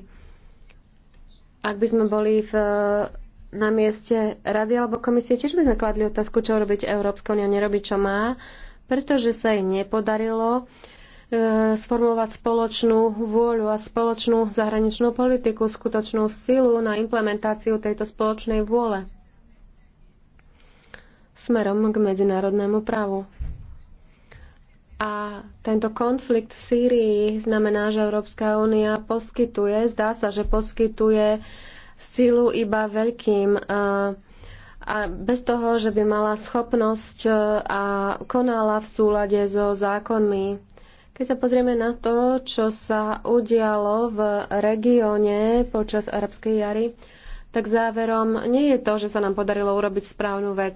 Speaker 3: Ak by sme boli v na mieste rady alebo komisie tiež by sme kladli otázku, čo robiť Európska únia nerobí, čo má, pretože sa jej nepodarilo e, sformulovať spoločnú vôľu a spoločnú zahraničnú politiku, skutočnú silu na implementáciu tejto spoločnej vôle smerom k medzinárodnému právu. A tento konflikt v Sýrii znamená, že Európska únia poskytuje, zdá sa, že poskytuje silu iba veľkým eh, a bez toho, že by mala schopnosť eh, a konala v súlade so zákonmi. Keď sa pozrieme na to, čo sa udialo v regióne počas arabskej jary, tak záverom nie je to, že sa nám podarilo urobiť správnu vec.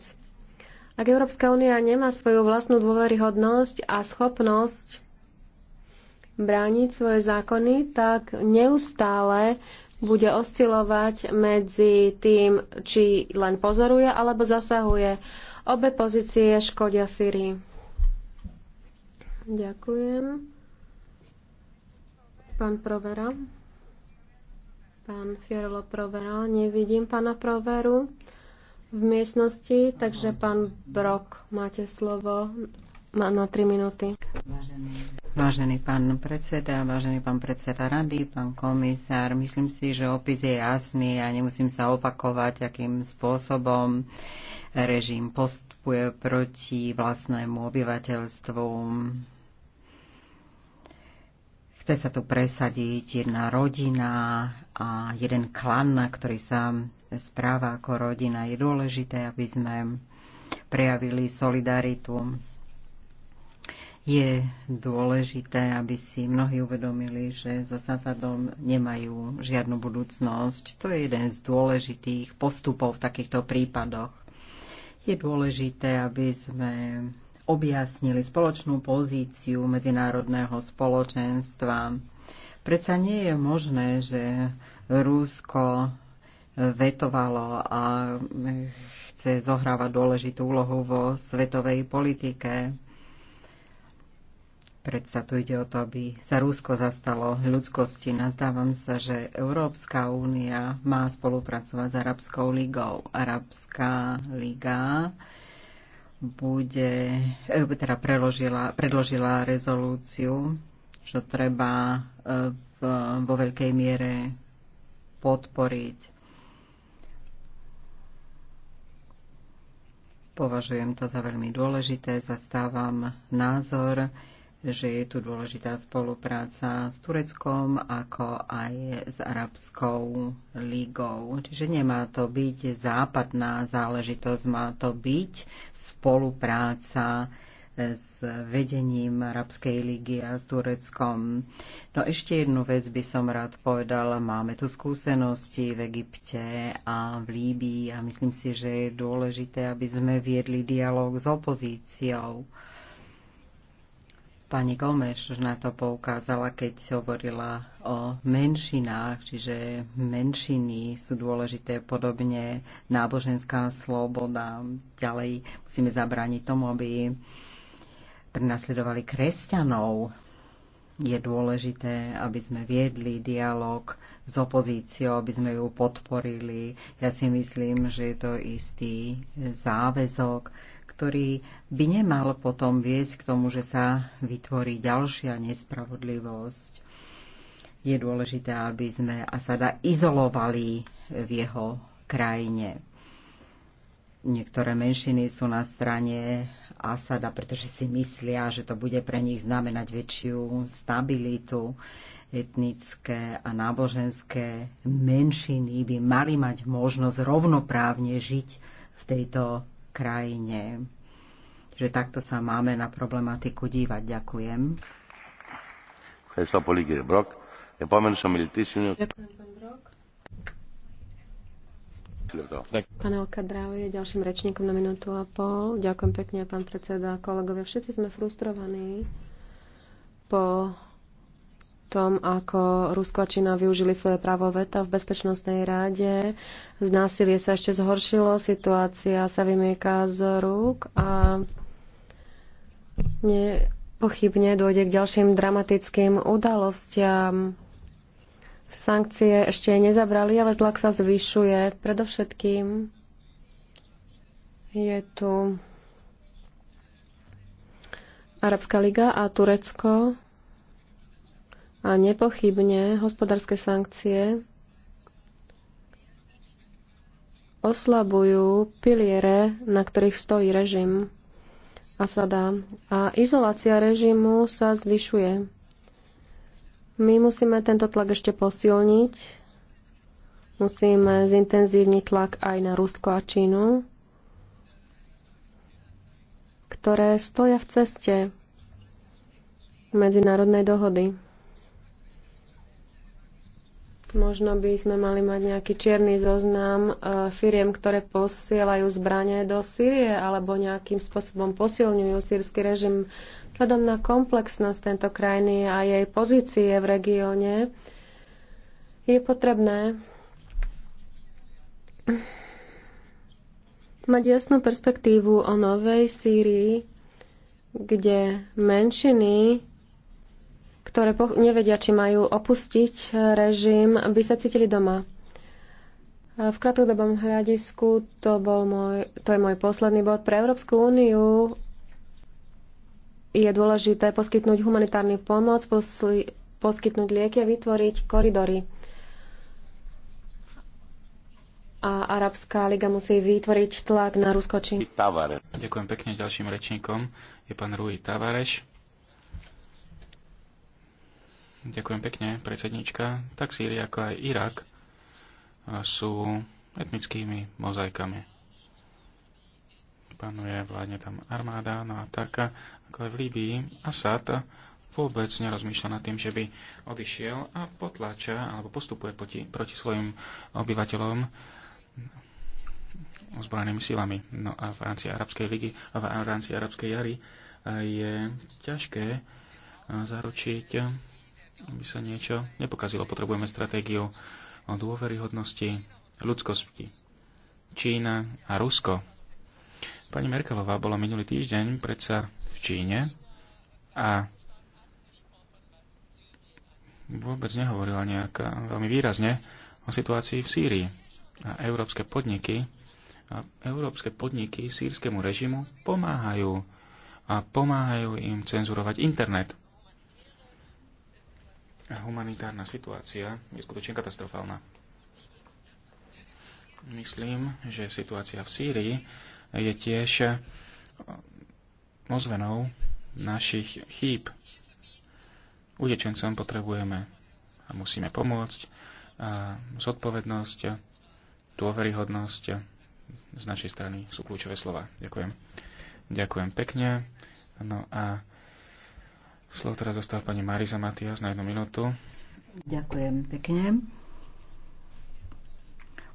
Speaker 3: Ak Európska únia nemá svoju vlastnú dôveryhodnosť a schopnosť brániť svoje zákony, tak neustále bude oscilovať medzi tým, či len pozoruje alebo zasahuje. Obe pozície škodia Syrii. Ďakujem. Pán Provera. Pán Fiorlo Provera. Nevidím pána Proveru v miestnosti, takže pán Brok, máte slovo má na 3 minúty.
Speaker 1: Vážený. pán predseda, vážený pán predseda rady, pán komisár, myslím si, že opis je jasný a nemusím sa opakovať, akým spôsobom režim postupuje proti vlastnému obyvateľstvu. Chce sa tu presadiť jedna rodina a jeden klan, ktorý sa správa ako rodina. Je dôležité, aby sme prejavili solidaritu je dôležité, aby si mnohí uvedomili, že za Sasadom nemajú žiadnu budúcnosť. To je jeden z dôležitých postupov v takýchto prípadoch. Je dôležité, aby sme objasnili spoločnú pozíciu medzinárodného spoločenstva. Preca nie je možné, že Rusko vetovalo a chce zohrávať dôležitú úlohu vo svetovej politike Predsa tu ide o to, aby sa Rusko zastalo ľudskosti. Nazdávam sa, že Európska únia má spolupracovať s Arabskou ligou. Arabská liga bude, eh, teda preložila, predložila rezolúciu, čo treba eh, v, vo veľkej miere podporiť. Považujem to za veľmi dôležité, zastávam názor, že je tu dôležitá spolupráca s Tureckom, ako aj s Arabskou lígou. Čiže nemá to byť západná záležitosť, má to byť spolupráca s vedením Arabskej ligy a s Tureckom. No ešte jednu vec by som rád povedal. Máme tu skúsenosti v Egypte a v Líbii a myslím si, že je dôležité, aby sme viedli dialog s opozíciou Pani Gomeš na to poukázala, keď hovorila o menšinách, čiže menšiny sú dôležité, podobne náboženská sloboda. Ďalej musíme zabrániť tomu, aby prenasledovali kresťanov. Je dôležité, aby sme viedli dialog s opozíciou, aby sme ju podporili. Ja si myslím, že je to istý záväzok, ktorý by nemal potom viesť k tomu, že sa vytvorí ďalšia nespravodlivosť. Je dôležité, aby sme Asada izolovali v jeho krajine. Niektoré menšiny sú na strane Asada, pretože si myslia, že to bude pre nich znamenať väčšiu stabilitu. Etnické a náboženské menšiny by mali mať možnosť rovnoprávne žiť v tejto krajine. Že takto sa máme na problematiku dívať. Ďakujem.
Speaker 3: Pán Elka Elkadrau je ďalším rečníkom na minútu a pol. Ďakujem pekne, pán predseda, kolegovia. Všetci sme frustrovaní po tom, ako Rusko a Čína využili svoje právo veta v Bezpečnostnej ráde. Znásilie sa ešte zhoršilo, situácia sa vymýka z rúk a nepochybne dôjde k ďalším dramatickým udalostiam. Sankcie ešte nezabrali, ale tlak sa zvyšuje. Predovšetkým je tu Arabská liga a Turecko a nepochybne hospodárske sankcie oslabujú piliere, na ktorých stojí režim Asada. A izolácia režimu sa zvyšuje. My musíme tento tlak ešte posilniť. Musíme zintenzívniť tlak aj na Rusko a Čínu, ktoré stoja v ceste medzinárodnej dohody. Možno by sme mali mať nejaký čierny zoznam eh, firiem, ktoré posielajú zbranie do Sýrie alebo nejakým spôsobom posilňujú sírsky režim. Vzhľadom na komplexnosť tento krajiny a jej pozície v regióne je potrebné mať jasnú perspektívu o novej Sýrii, kde menšiny ktoré nevedia, či majú opustiť eh, režim, by sa cítili doma. V krátkodobom hľadisku to, bol môj, to je môj posledný bod. Pre Európsku úniu je dôležité poskytnúť humanitárnu pomoc, posli, poskytnúť lieky a vytvoriť koridory. A Arabská liga musí vytvoriť tlak na Rusko. Či...
Speaker 2: Ďakujem pekne ďalším rečníkom. Je pán Rui Tavareš. Ďakujem pekne, predsednička. Tak Sýria ako aj Irak eh, sú etnickými mozaikami. Panuje vládne tam armáda, no a tak eh, ako aj v Líbii, Asad vôbec nerozmýšľa nad tým, že by odišiel a potláča alebo postupuje proti, proti svojim obyvateľom ozbrojenými silami. No a v rámci Arabskej ligy a v rámci Arabskej jary eh, je ťažké zaručiť aby sa niečo nepokazilo. Potrebujeme stratégiu o dôveryhodnosti, ľudskosti. Čína a Rusko. Pani Merkelová bola minulý týždeň predsa v Číne a vôbec nehovorila nejak veľmi výrazne o situácii v Sýrii. A európske podniky, a európske podniky sírskému režimu pomáhajú a pomáhajú im cenzurovať internet humanitárna situácia je skutočne katastrofálna. Myslím, že situácia v Sýrii je tiež ozvenou našich chýb. Utečencom potrebujeme a musíme pomôcť, a zodpovednosť, dôveryhodnosť z našej strany sú kľúčové slova. Ďakujem. Ďakujem pekne. No a Slovo teraz dostal pani Marisa Matias na jednu minútu.
Speaker 1: Ďakujem pekne.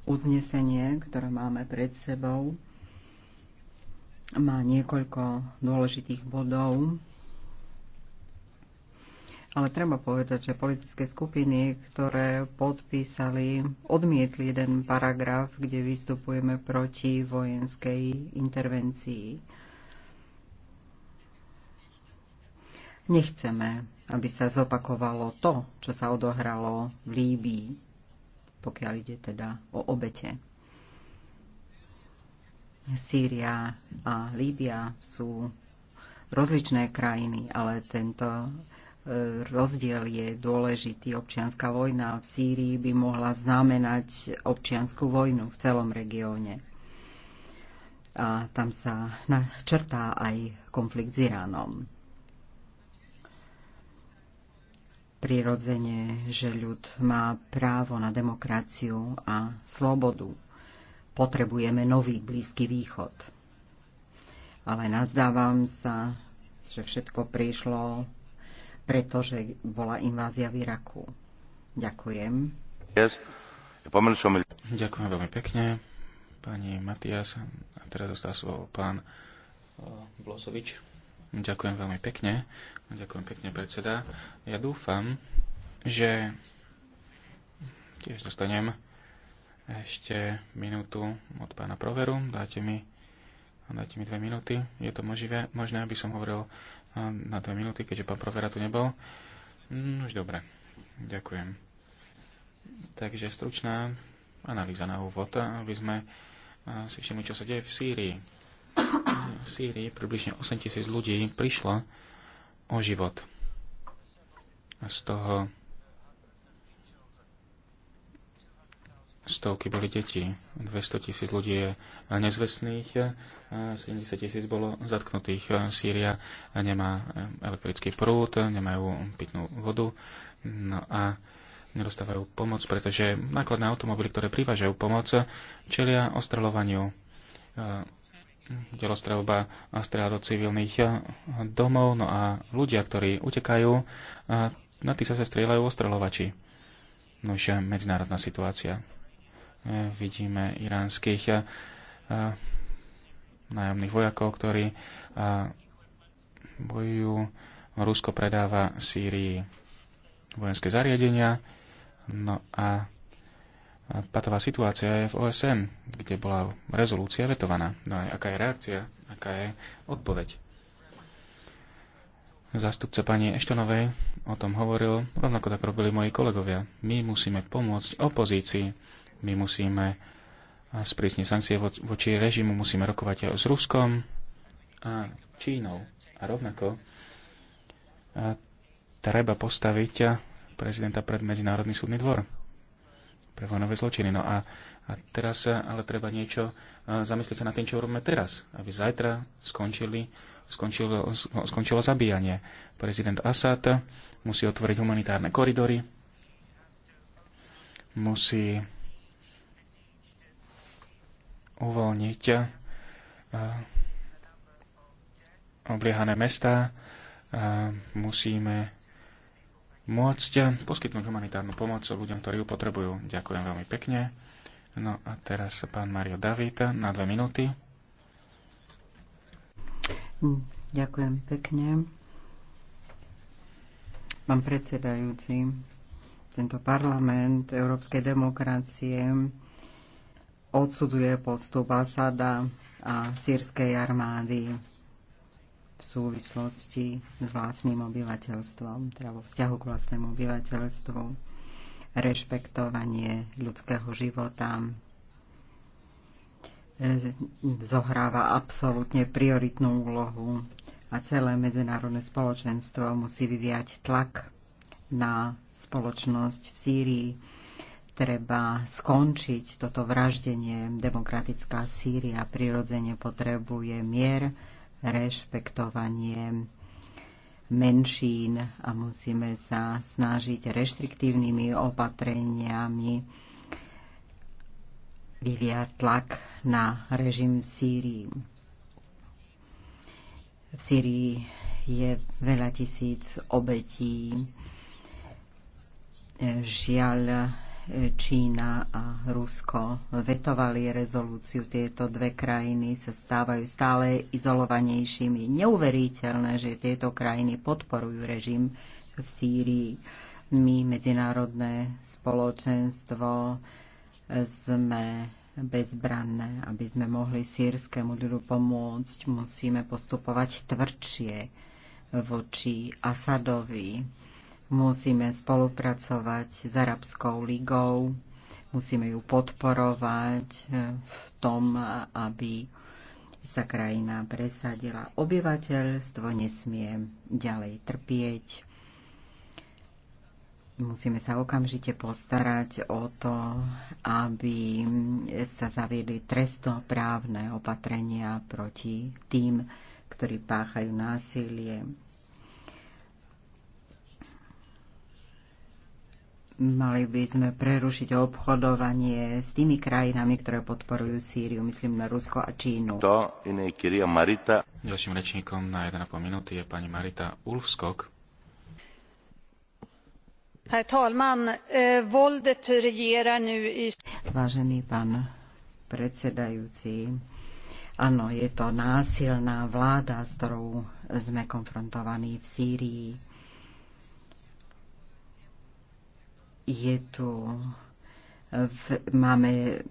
Speaker 1: Uznesenie, ktoré máme pred sebou, má niekoľko dôležitých bodov. Ale treba povedať, že politické skupiny, ktoré podpísali, odmietli jeden paragraf, kde vystupujeme proti vojenskej intervencii. Nechceme, aby sa zopakovalo to, čo sa odohralo v Líbii, pokiaľ ide teda o obete. Sýria a Líbia sú rozličné krajiny, ale tento e, rozdiel je dôležitý. Občianská vojna v Sýrii by mohla znamenať občianskú vojnu v celom regióne. A tam sa načrtá aj konflikt s Iránom. prirodzene, že ľud má právo na demokraciu a slobodu. Potrebujeme nový Blízky východ. Ale nazdávam sa, že všetko prišlo, pretože bola invázia v Iraku. Ďakujem.
Speaker 2: Yes. Ďakujem veľmi pekne, pani Matias. A teraz dostal slovo pán Blosovič. Eh, Ďakujem veľmi pekne. Ďakujem pekne, predseda. Ja dúfam, že tiež dostanem ešte minútu od pána Proveru. Dáte mi, dáte mi dve minúty. Je to možné, možné, aby som hovoril eh, na dve minúty, keďže pán Provera tu nebol. No už dobre. Ďakujem. Takže stručná analýza na úvod, aby sme eh, si všimli, čo sa deje v Sýrii. V Sýrii približne 8 tisíc ľudí prišlo o život. A z toho stovky boli deti, 200 tisíc ľudí je nezvestných, 70 tisíc bolo zatknutých. Sýria nemá eh, elektrický prúd, nemajú pitnú vodu no a nedostávajú pomoc, pretože nákladné automobily, ktoré privážajú pomoc, čelia ostreľovaniu eh, delostrelba strela do civilných eh, domov, no a ľudia, ktorí utekajú, eh, na tých sa sa strieľajú ostreľovači. Nože eh, medzinárodná situácia. Vidíme iránskych nájomných vojakov, ktorí bojujú. Rusko predáva Sýrii vojenské zariadenia. No a patová situácia je v OSN, kde bola rezolúcia vetovaná. No aj aká je reakcia, aká je odpoveď? Zástupca pani Eštonovej o tom hovoril, rovnako tak robili moji kolegovia. My musíme pomôcť opozícii, my musíme sprísniť sankcie voči režimu, musíme rokovať aj s Ruskom a Čínou. A rovnako a treba postaviť prezidenta pred Medzinárodný súdny dvor pre vojnové zločiny. No a, a teraz ale treba niečo zamyslieť sa nad tým, čo robíme teraz, aby zajtra skončili, skončilo, skončilo zabíjanie. Prezident Assad musí otvoriť humanitárne koridory, musí uvoľniť obliehané mesta, musíme môcť poskytnúť humanitárnu pomoc ľuďom, ktorí ju potrebujú. Ďakujem veľmi pekne. No a teraz pán Mario David na dve minúty.
Speaker 1: Ďakujem pekne. Pán predsedajúci, tento parlament európskej demokracie odsuduje postup Asada a sírskej armády v súvislosti s vlastným obyvateľstvom, teda vo vzťahu k vlastnému obyvateľstvu, rešpektovanie ľudského života e, zohráva absolútne prioritnú úlohu a celé medzinárodné spoločenstvo musí vyviať tlak na spoločnosť v Sýrii. Treba skončiť toto vraždenie. Demokratická Sýria prirodzene potrebuje mier, rešpektovanie menšín a musíme sa snažiť reštriktívnymi opatreniami vyviať tlak na režim v Sýrii. V Sýrii je veľa tisíc obetí. Žiaľ, Čína a Rusko vetovali rezolúciu. Tieto dve krajiny sa stávajú stále izolovanejšími. Neuveriteľné, že tieto krajiny podporujú režim v Sýrii. My, medzinárodné spoločenstvo, sme bezbranné. Aby sme mohli sírskému ľudu pomôcť, musíme postupovať tvrdšie voči Asadovi Musíme spolupracovať s Arabskou ligou, musíme ju podporovať eh, v tom, aby sa krajina presadila. Obyvateľstvo nesmie ďalej trpieť. Musíme sa okamžite postarať o to, aby sa zaviedli trestoprávne opatrenia proti tým, ktorí páchajú násilie Mali by sme prerušiť obchodovanie s tými krajinami, ktoré podporujú Sýriu, myslím na Rusko a Čínu.
Speaker 2: To iné Kyria Marita. Ďalším rečníkom na 1,5 minúty je pani Marita Ulfskok.
Speaker 3: talman, eh, våldet nu i...
Speaker 1: Vážený pán predsedajúci, áno, je to násilná vláda, s ktorou sme konfrontovaní v Sýrii je tu, v, máme e,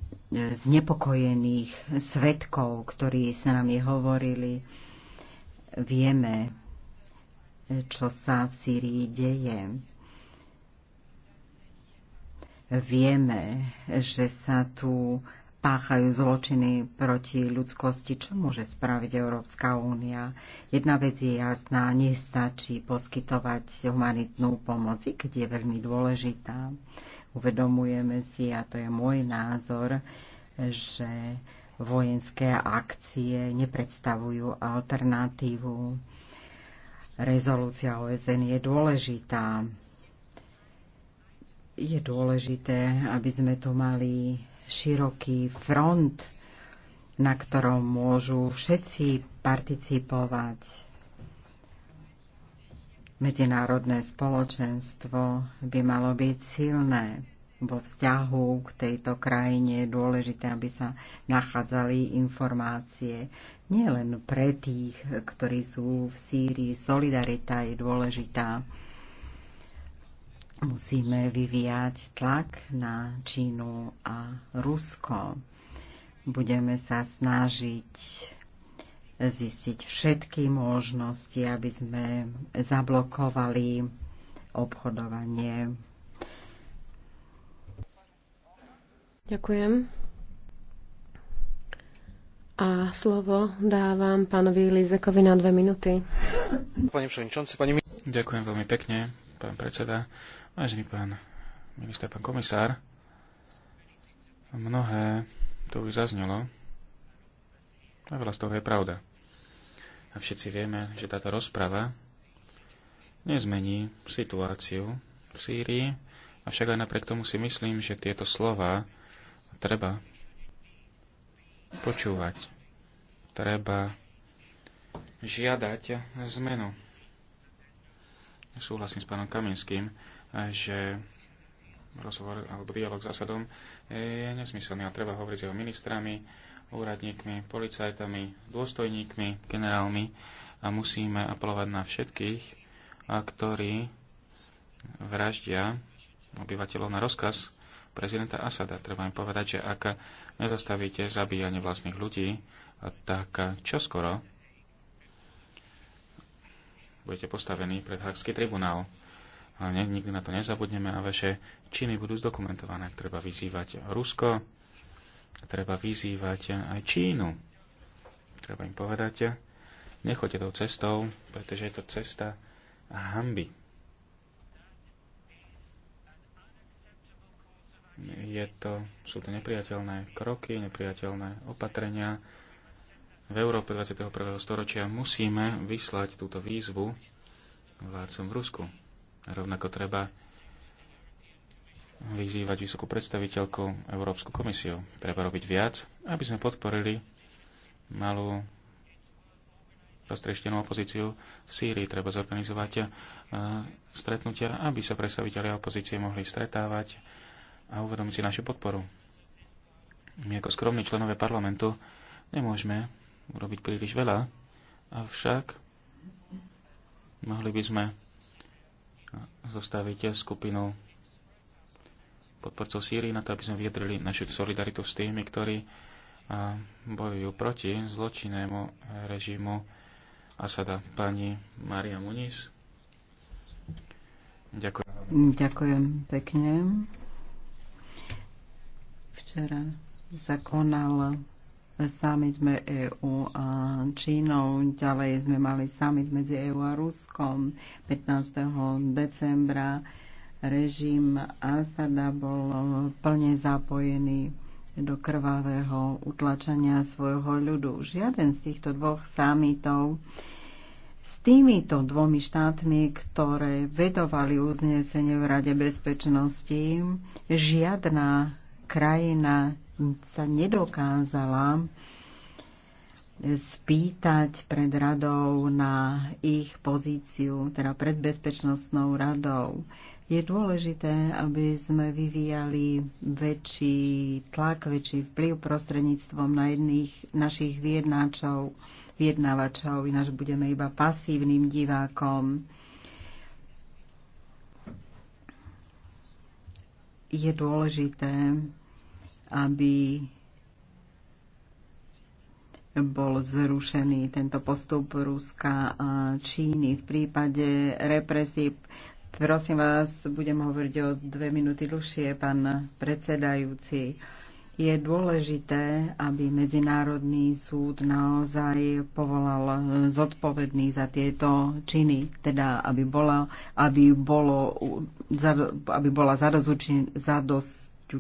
Speaker 1: znepokojených svetkov, ktorí s nami hovorili. Vieme, čo sa v Sýrii deje. Vieme, že sa tu páchajú zločiny proti ľudskosti, čo môže spraviť Európska únia. Jedna vec je jasná, nestačí poskytovať humanitnú pomoc, keď je veľmi dôležitá. Uvedomujeme si, a to je môj názor, že vojenské akcie nepredstavujú alternatívu. Rezolúcia OSN je dôležitá. Je dôležité, aby sme tu mali široký front, na ktorom môžu všetci participovať. Medzinárodné spoločenstvo by malo byť silné vo vzťahu k tejto krajine. Je dôležité, aby sa nachádzali informácie nielen pre tých, ktorí sú v Sýrii. Solidarita je dôležitá Musíme vyvíjať tlak na Čínu a Rusko. Budeme sa snažiť zistiť všetky možnosti, aby sme zablokovali obchodovanie.
Speaker 3: Ďakujem. A slovo dávam pánovi Lizekovi na dve minúty.
Speaker 2: Pani pani... Ďakujem veľmi pekne, pán predseda. Vážený pán minister, pán komisár, mnohé to už zaznelo a veľa z toho je pravda. A všetci vieme, že táto rozprava nezmení situáciu v Sýrii, avšak aj napriek tomu si myslím, že tieto slova treba počúvať. Treba žiadať zmenu. Súhlasím s pánom Kaminským že rozhovor alebo dialog s Asadom je nesmyselný a treba hovoriť s jeho ministrami, úradníkmi, policajtami, dôstojníkmi, generálmi a musíme apelovať na všetkých, ktorí vraždia obyvateľov na rozkaz prezidenta Asada. Treba im povedať, že ak nezastavíte zabíjanie vlastných ľudí, tak čoskoro budete postavení pred Hagský tribunál ne, nikdy na to nezabudneme a vaše činy budú zdokumentované. Treba vyzývať Rusko, treba vyzývať aj Čínu. Treba im povedať, nechoďte tou cestou, pretože je to cesta hamby. Je to, sú to nepriateľné kroky, nepriateľné opatrenia. V Európe 21. storočia musíme vyslať túto výzvu vládcom v Rusku. Rovnako treba vyzývať vysokú predstaviteľku Európsku komisiu. Treba robiť viac, aby sme podporili malú prostrieštenú opozíciu v Sýrii. Treba zorganizovať eh, stretnutia, aby sa predstaviteľi opozície mohli stretávať a uvedomiť si našu podporu. My ako skromní členové parlamentu nemôžeme urobiť príliš veľa, avšak mohli by sme zostavíte skupinu podporcov Sýrii na to, aby sme vyjadrili našu solidaritu s tými, ktorí bojujú proti zločinnému režimu Asada. Pani Maria Muniz. Ďakujem.
Speaker 1: Ďakujem pekne. Včera zakonal summit EU e a Čínou, ďalej sme mali summit medzi EU a Ruskom 15. decembra. Režim Asada bol plne zapojený do krvavého utlačania svojho ľudu. Žiaden z týchto dvoch summitov s týmito dvomi štátmi, ktoré vedovali uznesenie v Rade bezpečnosti, žiadna krajina sa nedokázala spýtať pred radou na ich pozíciu, teda pred bezpečnostnou radou. Je dôležité, aby sme vyvíjali väčší tlak, väčší vplyv prostredníctvom na jedných našich vyjednáčov, vyjednávačov, ináč budeme iba pasívnym divákom. Je dôležité, aby bol zrušený tento postup Ruska a Číny v prípade represí. Prosím vás, budem hovoriť o dve minúty dlhšie, pán predsedajúci. Je dôležité, aby Medzinárodný súd naozaj povolal zodpovedný za tieto činy, teda aby bola, aby bolo, aby bola zadosť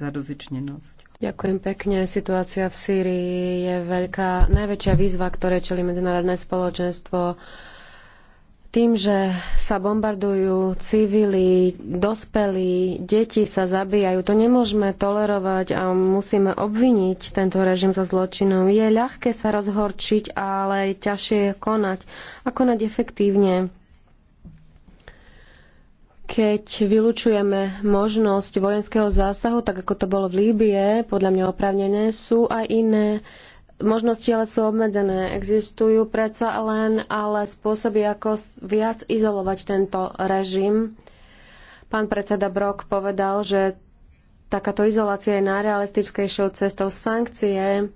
Speaker 1: za rozličnenosť.
Speaker 3: Ďakujem pekne. Situácia v Sýrii je veľká, najväčšia výzva, ktoré čeli medzinárodné spoločenstvo. Tým, že sa bombardujú civili, dospelí, deti sa zabíjajú, to nemôžeme tolerovať a musíme obviniť tento režim za zločinom. Je ľahké sa rozhorčiť, ale aj ťažšie je konať. A konať efektívne keď vylučujeme možnosť vojenského zásahu, tak ako to bolo v Líbie, podľa mňa opravnené, sú aj iné možnosti, ale sú obmedzené. Existujú predsa len, ale spôsoby, ako viac izolovať tento režim. Pán predseda Brok povedal, že takáto izolácia je najrealistickejšou cestou sankcie,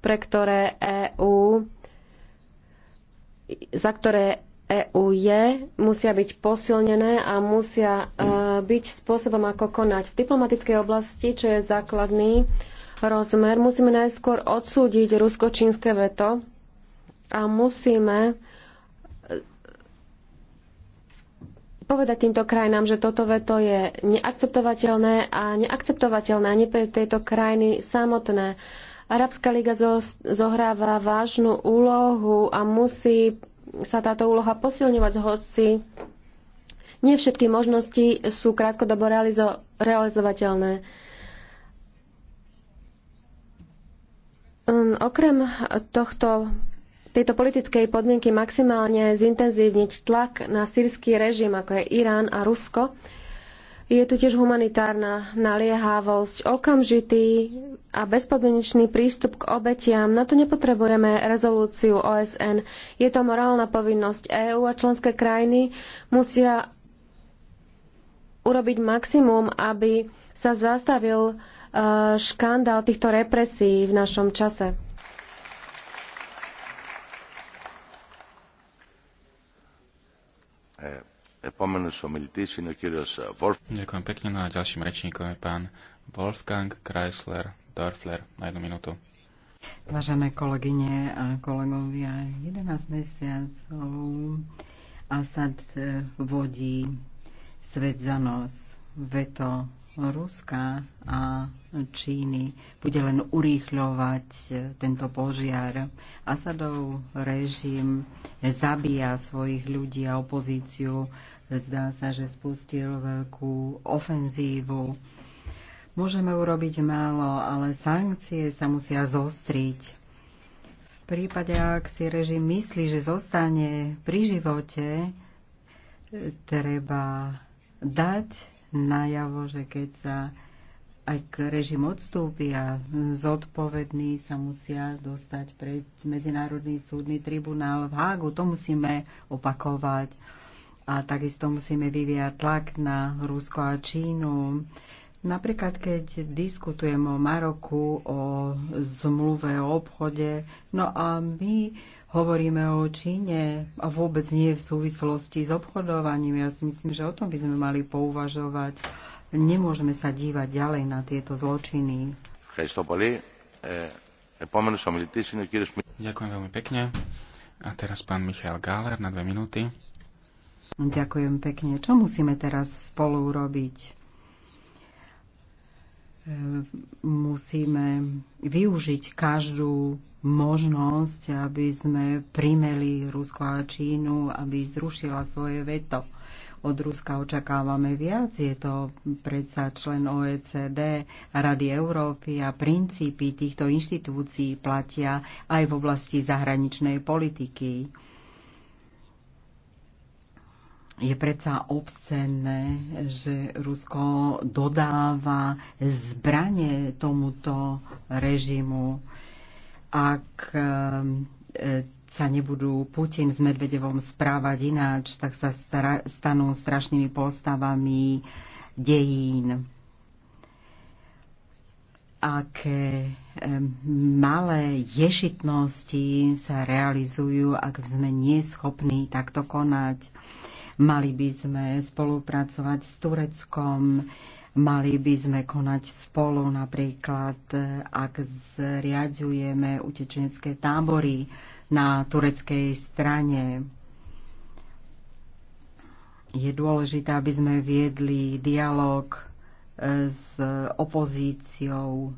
Speaker 3: pre ktoré EÚ za ktoré EÚ je, musia byť posilnené a musia e, byť spôsobom, ako konať. V diplomatickej oblasti, čo je základný rozmer, musíme najskôr odsúdiť rusko-čínske veto a musíme e, povedať týmto krajinám, že toto veto je neakceptovateľné a neakceptovateľné ani pre tejto krajiny samotné. Arabská liga zohráva vážnu úlohu a musí sa táto úloha posilňovať, hoci nie všetky možnosti sú krátkodobo realizo- realizovateľné. Hm, okrem tohto, tejto politickej podmienky maximálne zintenzívniť tlak na sírsky režim, ako je Irán a Rusko, je tu tiež humanitárna naliehavosť, okamžitý a bezpodmienečný prístup k obetiam. Na to nepotrebujeme rezolúciu OSN. Je to morálna povinnosť EÚ a členské krajiny musia urobiť maximum, aby sa zastavil eh, škandál týchto represí v našom čase.
Speaker 2: Ďakujem pekne. No a ďalším rečníkom je pán Wolfgang Chrysler Dörfler na jednu minútu.
Speaker 1: Vážené kolegyne a kolegovia, 11 mesiacov Asad eh, vodí svet za nos. Veto Ruska a Číny bude len urýchľovať e, tento požiar. Asadov režim zabíja svojich ľudí a opozíciu. Zdá sa, že spustil veľkú ofenzívu. Môžeme urobiť málo, ale sankcie sa musia zostriť. V prípade, ak si režim myslí, že zostane pri živote, e, treba dať najavo, že keď sa k režim odstúpi a zodpovední sa musia dostať pred Medzinárodný súdny tribunál v Hágu. To musíme opakovať. A takisto musíme vyvíjať tlak na Rusko a Čínu. Napríklad, keď diskutujeme o Maroku, o zmluve, o obchode, no a my hovoríme o Číne a vôbec nie v súvislosti s obchodovaním. Ja si myslím, že o tom by sme mali pouvažovať. Nemôžeme sa dívať ďalej na tieto
Speaker 2: zločiny. Ďakujem veľmi pekne. A teraz pán Michal Gáler na dve minúty. Ďakujem
Speaker 1: pekne. Čo musíme teraz spolu urobiť? E, musíme využiť každú možnosť, aby sme primeli Rusko a Čínu, aby zrušila svoje veto. Od Ruska očakávame viac, je to predsa člen OECD, Rady Európy a princípy týchto inštitúcií platia aj v oblasti zahraničnej politiky. Je predsa obscenné, že Rusko dodáva zbranie tomuto režimu ak eh, sa nebudú Putin s Medvedevom správať ináč, tak sa stara, stanú strašnými postavami dejín. Aké eh, malé ješitnosti sa realizujú, ak sme neschopní takto konať. Mali by sme spolupracovať s Tureckom, Mali by sme konať spolu napríklad, ak zriadujeme utečenské tábory na tureckej strane. Je dôležité, aby sme viedli dialog e, s opozíciou e,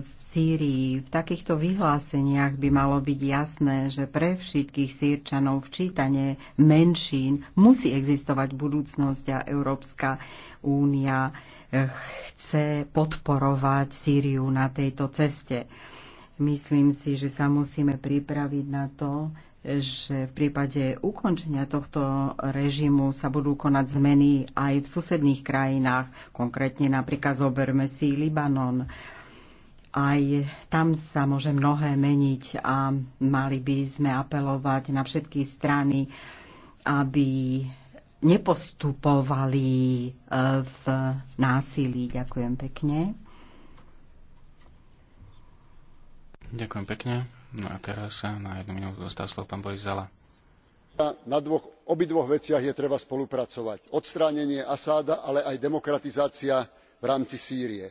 Speaker 1: v Sýrii. V takýchto vyhláseniach by malo byť jasné, že pre všetkých Sírčanov včítanie menšín musí existovať budúcnosť a Európska únia eh, chce podporovať Sýriu na tejto ceste. Myslím si, že sa musíme pripraviť na to, že v prípade ukončenia tohto režimu sa budú konať zmeny aj v susedných krajinách. Konkrétne napríklad zoberme si Libanon aj tam sa môže mnohé meniť a mali by sme apelovať na všetky strany, aby nepostupovali eh, v násilí. Ďakujem pekne.
Speaker 2: Ďakujem pekne. No a teraz sa na jednu minútu dostal slovo pán Boris Zala.
Speaker 4: Na dvoch, obidvoch veciach je treba spolupracovať. Odstránenie Asáda, ale aj demokratizácia v rámci Sýrie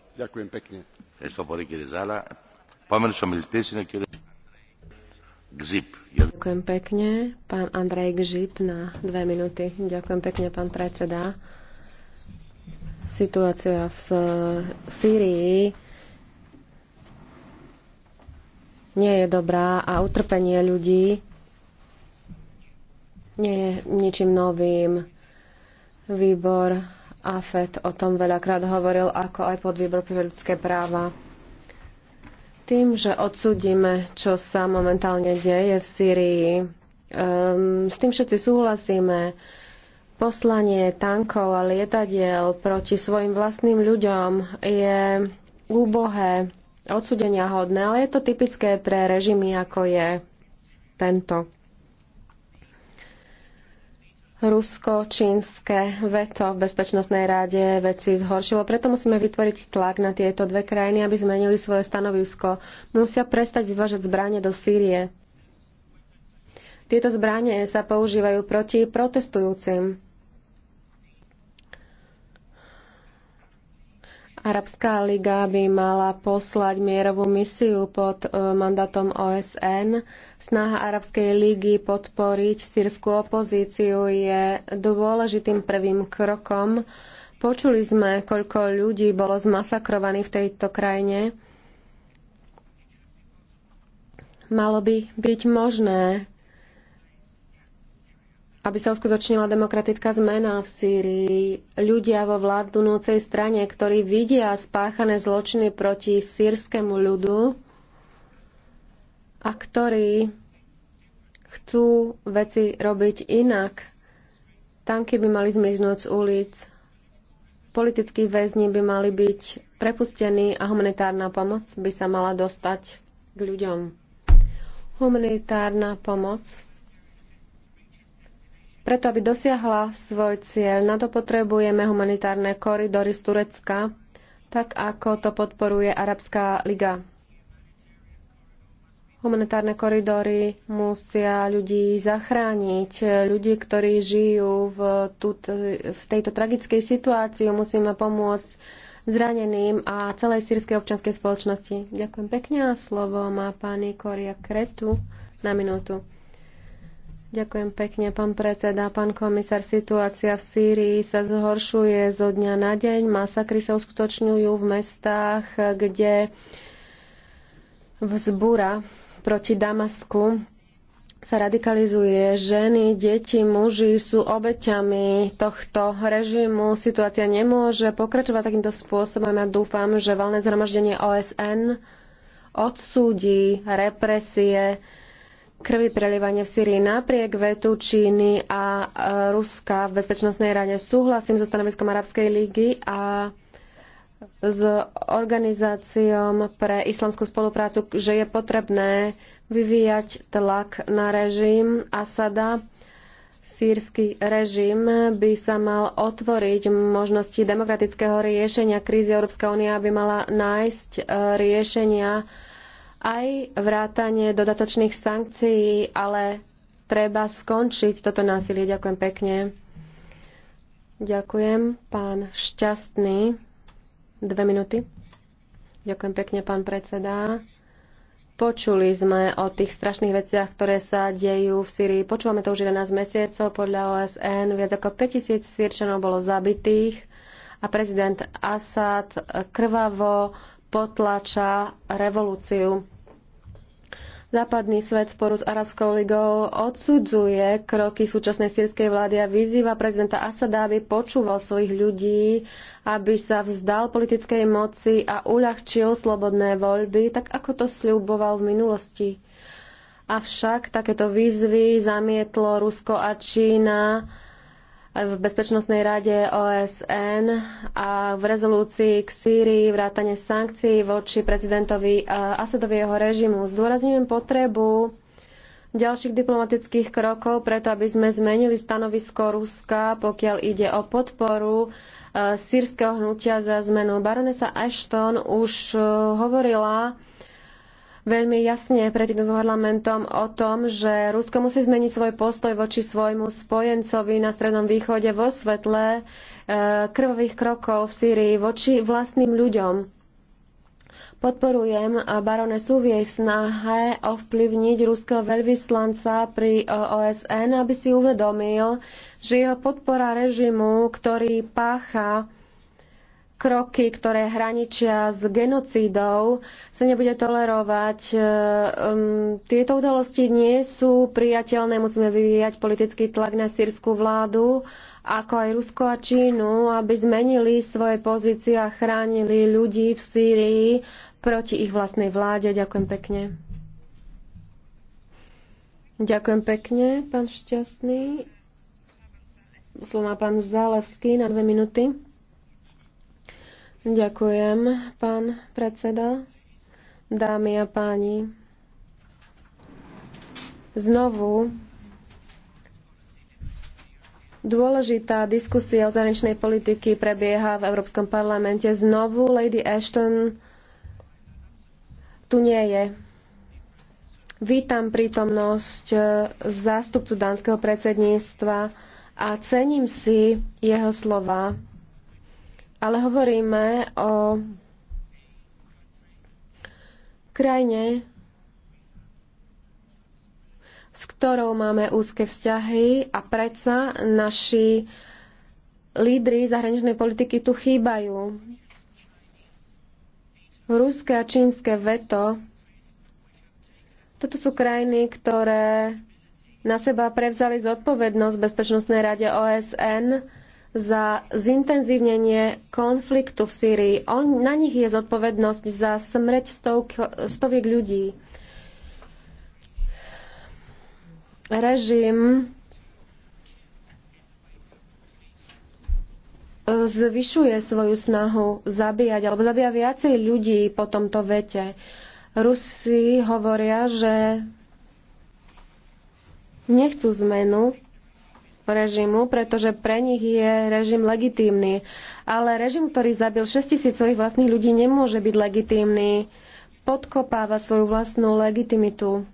Speaker 4: Ďakujem pekne.
Speaker 3: Ďakujem pekne. Pán Andrej Gžip na dve minúty. Ďakujem pekne, pán predseda. Situácia v Sýrii nie je dobrá a utrpenie ľudí nie je ničím novým. Výbor AFET o tom veľakrát hovoril, ako aj podvýbor pre ľudské práva. Tým, že odsudíme, čo sa momentálne deje v Sýrii, um, s tým všetci súhlasíme. Poslanie tankov a lietadiel proti svojim vlastným ľuďom je úbohé, odsudenia hodné, ale je to typické pre režimy, ako je tento rusko-čínske veto v Bezpečnostnej rade veci zhoršilo. Preto musíme vytvoriť tlak na tieto dve krajiny, aby zmenili svoje stanovisko. Musia prestať vyvážať zbranie do Sýrie. Tieto zbranie sa používajú proti protestujúcim. Arabská liga by mala poslať mierovú misiu pod eh, mandátom OSN Snaha Arabskej ligy podporiť sírskú opozíciu je dôležitým prvým krokom. Počuli sme, koľko ľudí bolo zmasakrovaných v tejto krajine. Malo by byť možné, aby sa uskutočnila demokratická zmena v Sýrii. Ľudia vo vládnúcej strane, ktorí vidia spáchané zločiny proti sírskému ľudu, a ktorí chcú veci robiť inak. Tanky by mali zmiznúť z ulic, politickí väzni by mali byť prepustení a humanitárna pomoc by sa mala dostať k ľuďom. Humanitárna pomoc. Preto, aby dosiahla svoj cieľ, na to potrebujeme humanitárne koridory z Turecka, tak ako to podporuje Arabská liga. Humanitárne koridory musia ľudí zachrániť. Ľudí, ktorí žijú v, tut, v tejto tragickej situácii, musíme pomôcť zraneným a celej sírskej občianskej spoločnosti. Ďakujem pekne a slovo má pani Koria Kretu na minútu. Ďakujem pekne, pán predseda, pán komisár. Situácia v Sýrii sa zhoršuje zo dňa na deň. Masakry sa uskutočňujú v mestách, kde vzbúra proti Damasku sa radikalizuje. Ženy, deti, muži sú obeťami tohto režimu. Situácia nemôže pokračovať takýmto spôsobom. Ja dúfam, že valné zhromaždenie OSN odsúdi represie krvi prelievanie v Syrii napriek vetu Číny a e, Ruska v Bezpečnostnej rade. Súhlasím so stanoviskom Arabskej ligy a s organizáciom pre islamskú spoluprácu, že je potrebné vyvíjať tlak na režim Asada. Sýrsky režim by sa mal otvoriť možnosti demokratického riešenia krízy. Európska únia by mala nájsť e, riešenia aj vrátanie dodatočných sankcií, ale treba skončiť toto násilie. Ďakujem pekne. Ďakujem, pán Šťastný. Dve minúty. Ďakujem pekne, pán predseda. Počuli sme o tých strašných veciach, ktoré sa dejú v Syrii. Počúvame to už 11 mesiacov. Podľa OSN viac ako 5000 Syrčanov bolo zabitých a prezident Assad krvavo potlača revolúciu. Západný svet sporu s Arabskou ligou odsudzuje kroky súčasnej sírskej vlády a vyzýva prezidenta Asada, aby počúval svojich ľudí, aby sa vzdal politickej moci a uľahčil slobodné voľby, tak ako to sľuboval v minulosti. Avšak takéto výzvy zamietlo Rusko a Čína v Bezpečnostnej rade OSN a v rezolúcii k Sýrii vrátane sankcií voči prezidentovi eh, Asadovi jeho režimu. Zdôrazňujem potrebu ďalších diplomatických krokov preto, aby sme zmenili stanovisko Ruska, pokiaľ ide o podporu eh, sírskeho hnutia za zmenu. Baronesa Ashton už eh, hovorila veľmi jasne pred týmto parlamentom o tom, že Rusko musí zmeniť svoj postoj voči svojmu spojencovi na Strednom východe vo svetle e, krvových krokov v Sýrii voči vlastným ľuďom. Podporujem baronesu v jej snahe ovplyvniť ruského veľvyslanca pri e, OSN, aby si uvedomil, že jeho podpora režimu, ktorý pácha kroky, ktoré hraničia s genocídou, sa nebude tolerovať. E, tieto udalosti nie sú priateľné. Musíme vyvíjať politický tlak na sírskú vládu, ako aj Rusko a Čínu, aby zmenili svoje pozície a chránili ľudí v Sýrii proti ich vlastnej vláde. Ďakujem pekne. Ďakujem pekne, pán Šťastný. Slovo má pán Zálevský na dve minúty. Ďakujem, pán predseda. Dámy a páni, znovu dôležitá diskusia o zahraničnej politiky prebieha v Európskom parlamente. Znovu Lady Ashton tu nie je. Vítam prítomnosť e, zástupcu dánskeho predsedníctva a cením si jeho slova ale hovoríme o krajine, s ktorou máme úzke vzťahy a predsa naši lídry zahraničnej politiky tu chýbajú. Ruské a čínske veto. Toto sú krajiny, ktoré na seba prevzali zodpovednosť v Bezpečnostnej rade OSN za zintenzívnenie konfliktu v Sýrii. On, na nich je zodpovednosť za smrť stovk, stoviek ľudí. Režim zvyšuje svoju snahu zabíjať, alebo zabíja viacej ľudí po tomto vete. Rusi hovoria, že nechcú zmenu, režimu, pretože pre nich je režim legitímny. Ale režim, ktorý zabil 6 tisíc svojich vlastných ľudí, nemôže byť legitímny. Podkopáva svoju vlastnú legitimitu.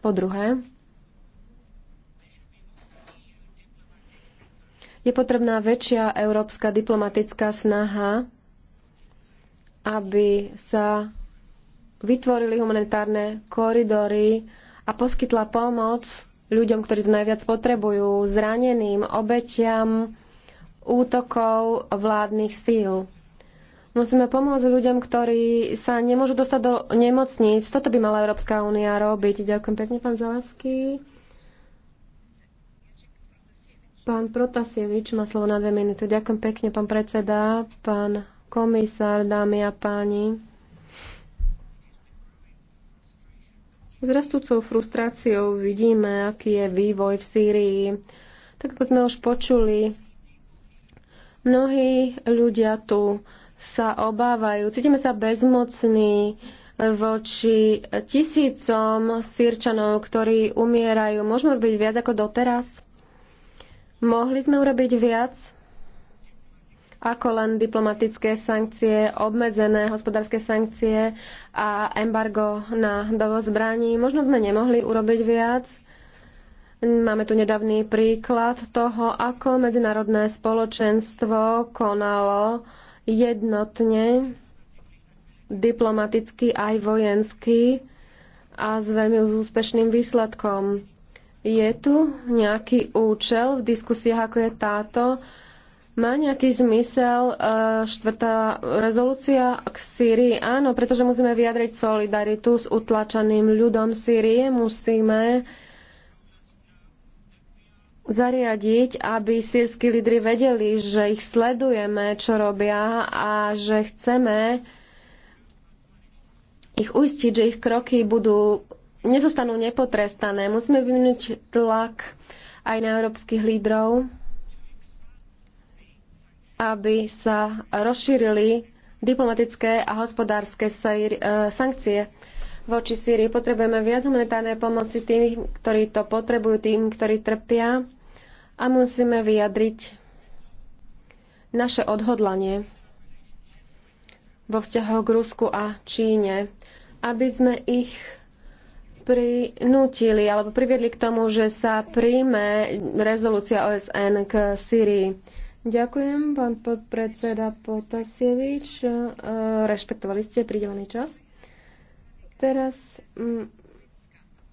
Speaker 3: Po druhé, je potrebná väčšia európska diplomatická snaha, aby sa vytvorili humanitárne koridory a poskytla pomoc ľuďom, ktorí to najviac potrebujú, zraneným, obetiam útokov vládnych síl. Musíme pomôcť ľuďom, ktorí sa nemôžu dostať do nemocníc. Toto by mala Európska únia robiť. Ďakujem pekne, pán Zalavský. Pán Protasievič má slovo na dve minúty. Ďakujem pekne, pán predseda, pán komisár, dámy a páni. S rastúcou frustráciou vidíme, aký je vývoj v Sýrii. Tak ako sme už počuli, mnohí ľudia tu sa obávajú. Cítime sa bezmocní voči tisícom sírčanov, ktorí umierajú. Môžeme robiť viac ako doteraz? Mohli sme urobiť viac? ako len diplomatické sankcie, obmedzené hospodárske sankcie a embargo na dovoz zbraní. Možno sme nemohli urobiť viac. Máme tu nedávny príklad toho, ako medzinárodné spoločenstvo konalo jednotne, diplomaticky aj vojensky a s veľmi úspešným výsledkom. Je tu nejaký účel v diskusiách ako je táto, má nejaký zmysel e, štvrtá rezolúcia k Sýrii? Áno, pretože musíme vyjadriť solidaritu s utlačaným ľudom Sýrie. Musíme zariadiť, aby sírsky lídry vedeli, že ich sledujeme, čo robia a že chceme ich uistiť, že ich kroky budú nezostanú nepotrestané. Musíme vyvinúť tlak aj na európskych lídrov aby sa rozšírili diplomatické a hospodárske e, sankcie voči Sýrii. Potrebujeme viac humanitárnej pomoci tým, ktorí to potrebujú, tým, ktorí trpia a musíme vyjadriť naše odhodlanie vo vzťahu k Rusku a Číne, aby sme ich prinútili alebo priviedli k tomu, že sa príjme rezolúcia OSN k Sýrii. Ďakujem, pán podpredseda Potasievič. E, rešpektovali ste pridelený čas. Teraz mm,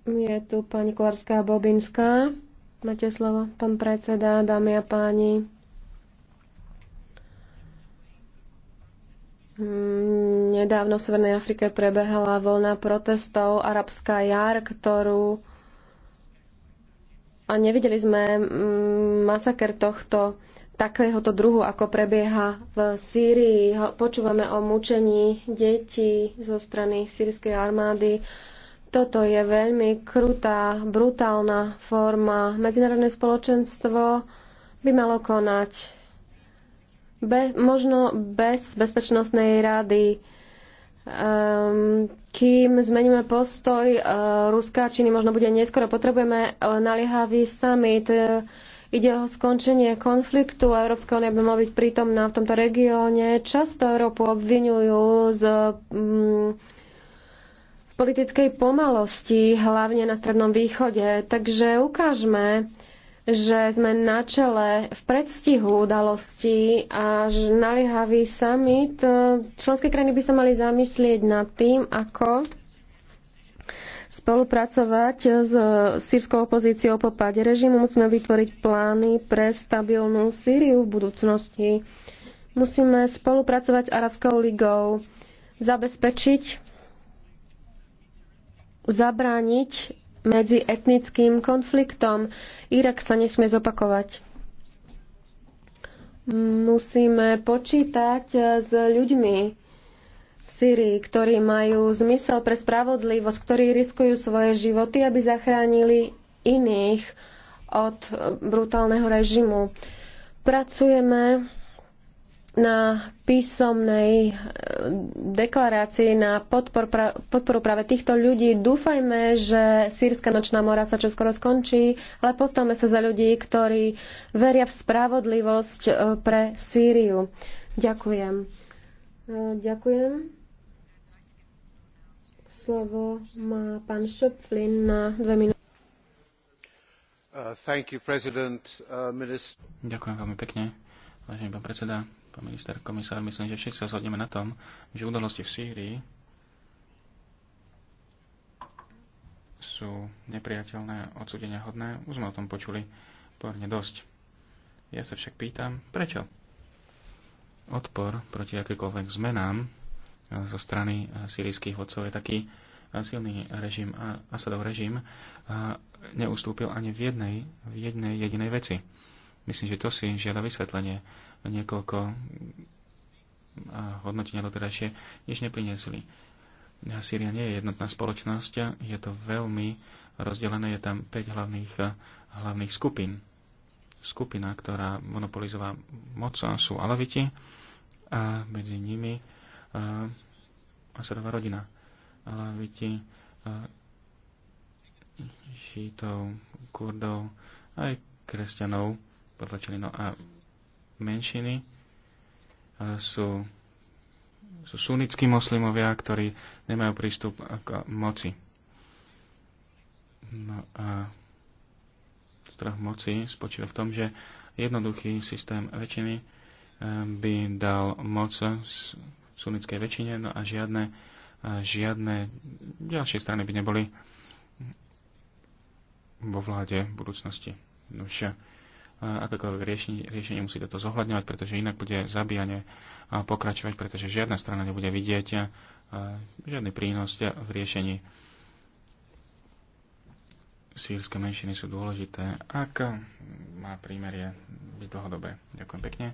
Speaker 3: je tu pani Kolárska Bobinská. Máte slovo, pán predseda, dámy a páni. Mm, nedávno v Severnej Afrike prebehala voľna protestov Arabská jar, ktorú a nevideli sme mm, masaker tohto takéhoto druhu, ako prebieha v Sýrii. Počúvame o mučení detí zo strany sírskej armády. Toto je veľmi krutá, brutálna forma. Medzinárodné spoločenstvo by malo konať. Be, možno bez bezpečnostnej rady. Um, kým zmeníme postoj uh, Ruska, Číny možno bude neskoro. Potrebujeme uh, naliehavý summit. Uh, Ide o skončenie konfliktu a Európska únia by mala byť prítomná v tomto regióne. Často Európu obvinujú z mm, politickej pomalosti, hlavne na Strednom východe. Takže ukážme, že sme na čele v predstihu udalostí a naliehavý summit. Členské krajiny by sa mali zamyslieť nad tým, ako spolupracovať s sírskou opozíciou po páde režimu. Musíme vytvoriť plány pre stabilnú Sýriu v budúcnosti. Musíme spolupracovať s Arabskou ligou, zabezpečiť, zabrániť medzi etnickým konfliktom. Irak sa nesmie zopakovať. Musíme počítať s ľuďmi, v Sýrii, ktorí majú zmysel pre spravodlivosť, ktorí riskujú svoje životy, aby zachránili iných od brutálneho režimu. Pracujeme na písomnej eh, deklarácii na podpor, pra, podporu práve týchto ľudí. Dúfajme, že sírska nočná mora sa čoskoro skončí, ale postavme sa za ľudí, ktorí veria v spravodlivosť eh, pre Sýriu. Ďakujem. Eh, ďakujem. Slovo má pán Šopflin na dve minúty.
Speaker 4: Uh, you, uh, minister...
Speaker 2: Ďakujem veľmi pekne, vážený pán predseda, pán minister, komisár. Myslím, že všetci sa zhodneme na tom, že udalosti v Sýrii sú nepriateľné, odsudenia hodné. Už sme o tom počuli pomerne dosť. Ja sa však pýtam, prečo? Odpor proti akékoľvek zmenám zo strany eh, sírijských vodcov je taký eh, silný režim, Asadov režim, eh, neustúpil ani v jednej, v jednej jedinej veci. Myslím, že to si žiada vysvetlenie. Niekoľko mm, hodnotenia doterajšie nič nepriniesli. Sýria nie je jednotná spoločnosť, je to veľmi rozdelené, je tam 5 hlavných, hlavných skupín. Skupina, ktorá monopolizová moc sú alaviti a medzi nimi Asadová rodina. uh, Žítov, kurdov, aj kresťanov potlačili. No a menšiny sú, sú sunnickí moslimovia, ktorí nemajú prístup k moci. No a strach moci spočíva v tom, že jednoduchý systém väčšiny e, by dal moc sunnickej väčšine no a žiadne, žiadne ďalšie strany by neboli vo vláde v budúcnosti. Už akékoľvek riešenie, riešenie musí toto zohľadňovať, pretože inak bude zabíjanie pokračovať, pretože žiadna strana nebude vidieť žiadny prínos v riešení. Sýrske menšiny sú dôležité, ak má prímerie byť dlhodobé. Ďakujem pekne.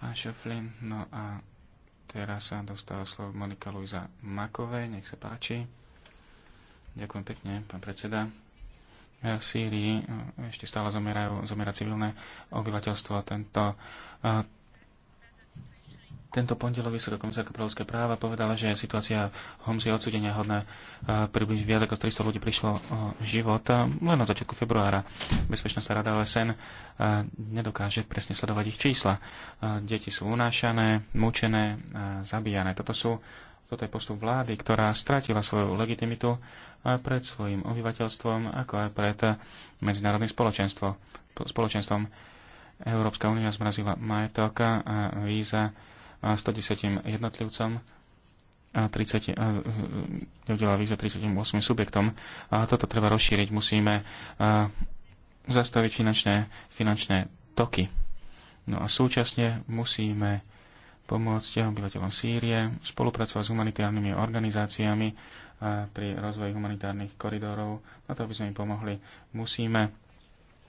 Speaker 2: Pán Šeflin, no a Teraz sa dostáva slovo Monika Luisa Makové, nech sa páči. Ďakujem pekne, pán predseda. V Sýrii ešte stále zomierajú, zomiera civilné obyvateľstvo. Tento tento pondelok vysoká komisárka pre ľudské práva povedala, že situácia Homsi je odsudenia hodná. Približne viac ako 300 ľudí prišlo o život len na začiatku februára. Bezpečnostná rada OSN nedokáže presne sledovať ich čísla. Deti sú unášané, mučené, zabíjané. Toto sú toto je postup vlády, ktorá stratila svoju legitimitu pred svojim obyvateľstvom, ako aj pred medzinárodným spoločenstvom. Európska únia zmrazila majetok a víza 110 jednotlivcom a 30, a, neudela e, víza 38 subjektom. A toto treba rozšíriť. Musíme a, e, zastaviť finančné, finančné toky. No a súčasne musíme pomôcť obyvateľom Sýrie, spolupracovať s humanitárnymi organizáciami pri rozvoji humanitárnych koridorov. Na to, aby sme im pomohli, musíme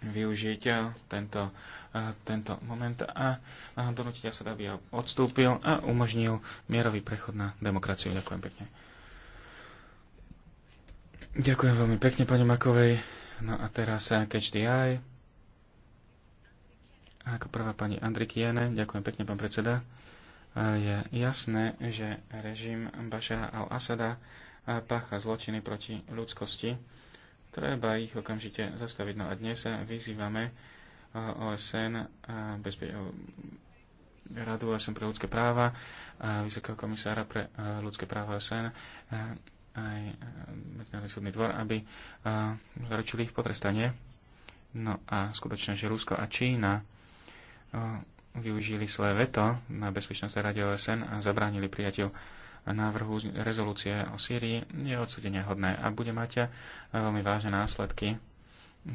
Speaker 2: využiť eh, tento, eh, tento moment a donútiť sa, aby odstúpil a umožnil mierový prechod na demokraciu. Ďakujem pekne. Ďakujem veľmi pekne pani Makovej. No a teraz eh, Catch the Eye. Ako prvá pani Jene. Ďakujem pekne, pán predseda. Je jasné, že režim Bašara al-Asada pácha zločiny proti ľudskosti Treba ich okamžite zastaviť. No a dnes sa vyzývame OSN, bezpe- Radu OSN pre ľudské práva, a Vysokého komisára pre ľudské práva OSN, aj Medzinárodný súdny dvor, aby zaručili ich potrestanie. No a skutočne, že Rusko a Čína využili svoje veto na bezpečnosť rade OSN a zabránili prijatiu návrhu rezolúcie o Sýrii je odsudenia hodné a bude mať eh, veľmi vážne následky.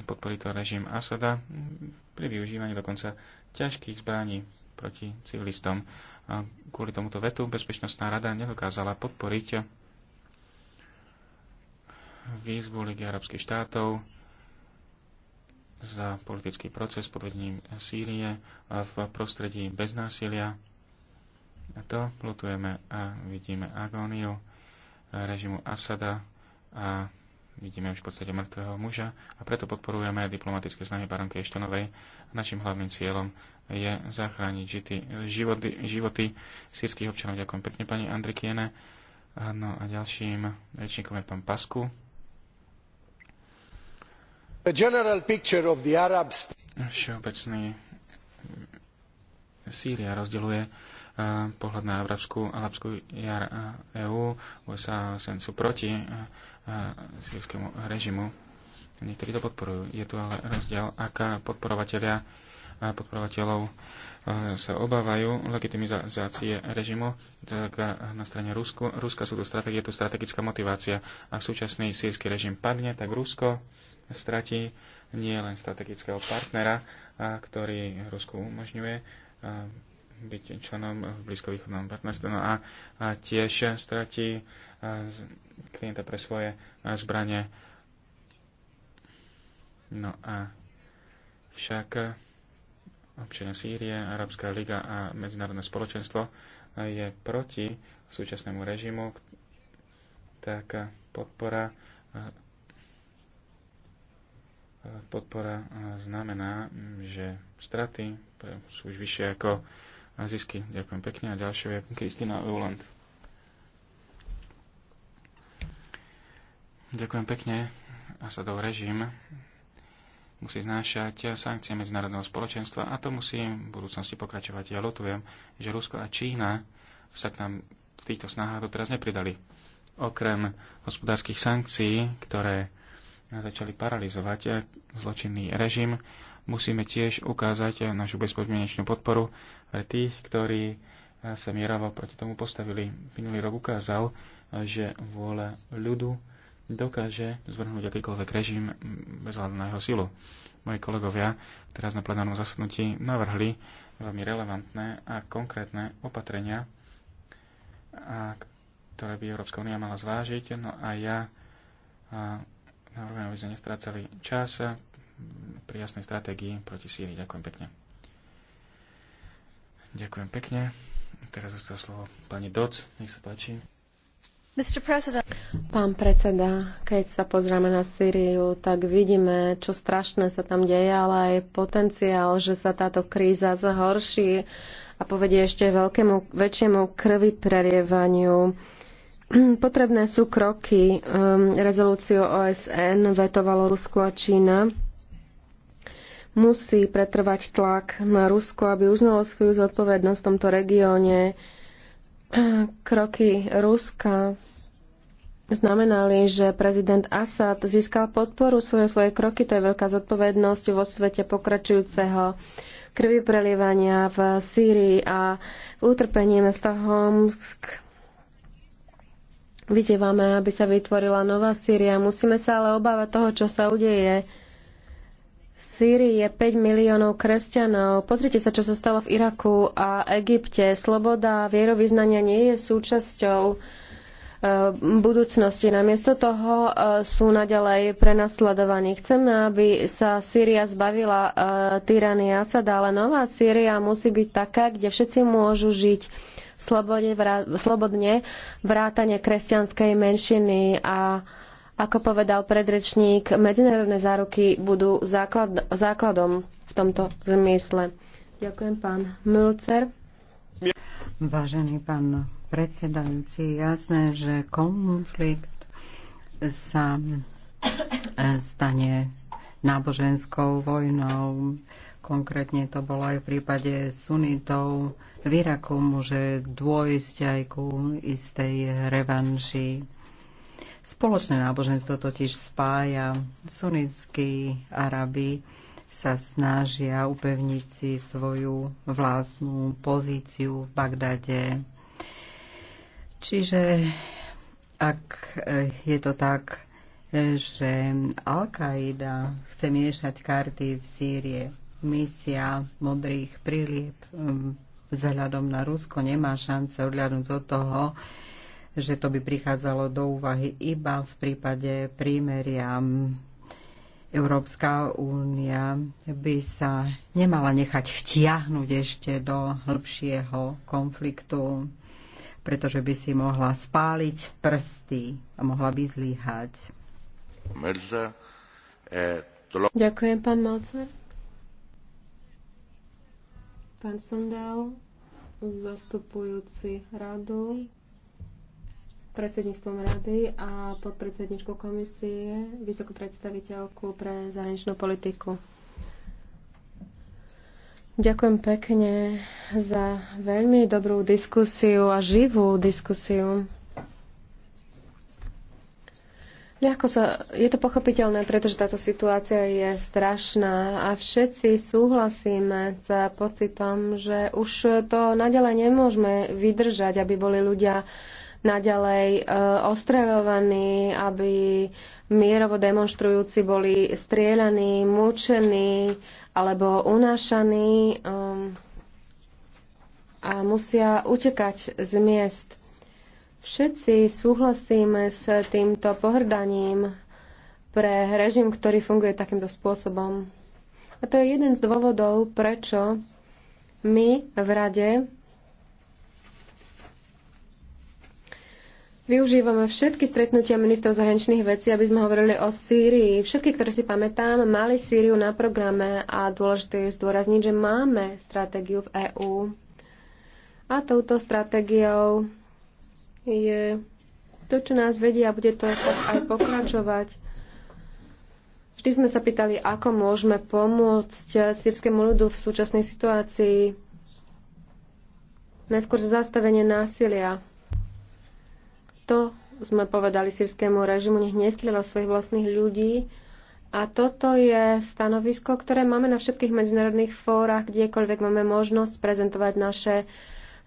Speaker 2: Podporí to režim Asada pri využívaní dokonca ťažkých zbraní proti civilistom. A kvôli tomuto vetu Bezpečnostná rada nedokázala podporiť výzvu Ligy arabských štátov za politický proces pod vedením Sýrie v prostredí bez násilia to plutujeme a vidíme agóniu režimu Asada a vidíme už v podstate mŕtvého muža a preto podporujeme diplomatické snahy baronky Eštonovej. Našim hlavným cieľom je zachrániť životy, životy, životy sírskych občanov. Ďakujem pekne pani Andrikiene. No a ďalším rečníkom je pán Pasku. Všeobecný Sýria rozdeluje pohľad na arabskú, arabskú jar EÚ, USA sen sú proti sírskému režimu. Niektorí to podporujú. Je tu ale rozdiel, aká podporovateľia a podporovateľov sa obávajú legitimizácie režimu, tak na strane Rusku, Ruska sú tu strategie, je tu strategická motivácia. Ak súčasný sírsky režim padne, tak Rusko stratí nie len strategického partnera, ktorý Rusku umožňuje byť členom v blízkovýchodnom partnerstve no a, a tiež stratí klienta pre svoje zbranie. No a však občania Sýrie, Arabská liga a medzinárodné spoločenstvo je proti súčasnému režimu, tak podpora podpora znamená, že straty sú už vyššie ako a zisky. Ďakujem pekne a ďalšia je Kristina Euland. Ďakujem pekne. Asadov režim musí znášať sankcie medzinárodného spoločenstva a to musí v budúcnosti pokračovať. Ja lutujem, že Rusko a Čína sa k nám v týchto snahách doteraz nepridali. Okrem hospodárskych sankcií, ktoré začali paralizovať zločinný režim, musíme tiež ukázať našu bezpodmienečnú podporu pre tých, ktorí eh, sa mieravo proti tomu postavili. Minulý rok ukázal, eh, že vôľa ľudu dokáže zvrhnúť akýkoľvek režim mm, bez hľadu na jeho silu. Moji kolegovia teraz na plenárnom zasadnutí navrhli veľmi relevantné a konkrétne opatrenia, a ktoré by Európska únia mala zvážiť. No a ja navrhujem, aby sme nestrácali čas, pri jasnej stratégii proti Sýrii. Ďakujem pekne. Ďakujem pekne. Teraz zostal slovo pani Doc. Nech sa páči.
Speaker 3: Pán predseda, keď sa pozrieme na Sýriu, tak vidíme, čo strašné sa tam deje, ale aj potenciál, že sa táto kríza zhorší a povedie ešte veľkému, väčšiemu krvi prerievaniu. Potrebné sú kroky. Um, rezolúciu OSN vetovalo Rusko a Čína musí pretrvať tlak na Rusko, aby uznalo svoju zodpovednosť v tomto regióne. Kroky Ruska znamenali, že prezident Assad získal podporu svoje, svoje kroky. To je veľká zodpovednosť vo svete pokračujúceho krvi prelievania v Sýrii a utrpenie mesta Homsk. Vyzývame, aby sa vytvorila nová Sýria. Musíme sa ale obávať toho, čo sa udeje Sýrii je 5 miliónov kresťanov. Pozrite sa, čo sa stalo v Iraku a Egypte. Sloboda vierovýznania nie je súčasťou e, budúcnosti. Namiesto toho e, sú naďalej prenasledovaní. Chceme, aby sa Sýria zbavila e, tyrany Asada, ale nová Sýria musí byť taká, kde všetci môžu žiť slobodne, vrátane kresťanskej menšiny a ako povedal predrečník, medzinárodné záruky budú základ, základom v tomto
Speaker 1: zmysle.
Speaker 3: Ďakujem, pán
Speaker 1: Mülcer. Vážený pán predsedajúci, jasné, že konflikt sa e, stane náboženskou vojnou. Konkrétne to bolo aj v prípade sunitov v Iraku môže dôjsť aj ku istej revanši Spoločné náboženstvo totiž spája sunnickí Araby sa snažia upevniť si svoju vlastnú pozíciu v Bagdade. Čiže ak je to tak, že Al-Qaida chce miešať karty v Sýrie, misia modrých prílieb hm, vzhľadom na Rusko nemá šance odľadnúť od toho, že to by prichádzalo do úvahy iba v prípade prímeria. Európska únia by sa nemala nechať vtiahnuť ešte do hĺbšieho konfliktu, pretože by si mohla spáliť prsty a mohla by zlíhať. Eh, Ďakujem, pán Malcer.
Speaker 3: Pán Sondal, zastupujúci radu predsedníctvom rady a podpredsedničkou komisie, vysokú predstaviteľku pre zahraničnú politiku. Ďakujem pekne za veľmi dobrú diskusiu a živú diskusiu. Ľahko sa, je to pochopiteľné, pretože táto situácia je strašná a všetci súhlasíme s pocitom, že už to naďalej nemôžeme vydržať, aby boli ľudia uh, naďalej e, ostreľovaní, aby mierovo demonstrujúci boli strieľaní, mučení alebo unášaní ehm, a musia utekať z miest. Všetci súhlasíme s týmto pohrdaním pre režim, ktorý funguje takýmto spôsobom. A to je jeden z dôvodov, prečo my v Rade Využívame všetky stretnutia ministrov zahraničných vecí, aby sme hovorili o Sýrii. Všetky, ktoré si pamätám, mali Sýriu na programe a dôležité je zdôrazniť, že máme stratégiu v EÚ. A touto stratégiou je to, čo nás vedia a bude to aj pokračovať. Vždy sme sa pýtali, ako môžeme pomôcť sírskému ľudu v súčasnej situácii. Najskôr zastavenie násilia to sme povedali sírskému režimu, nech nestrieľa svojich vlastných ľudí. A toto je stanovisko, ktoré máme na všetkých medzinárodných fórach, kdekoľvek máme možnosť prezentovať naše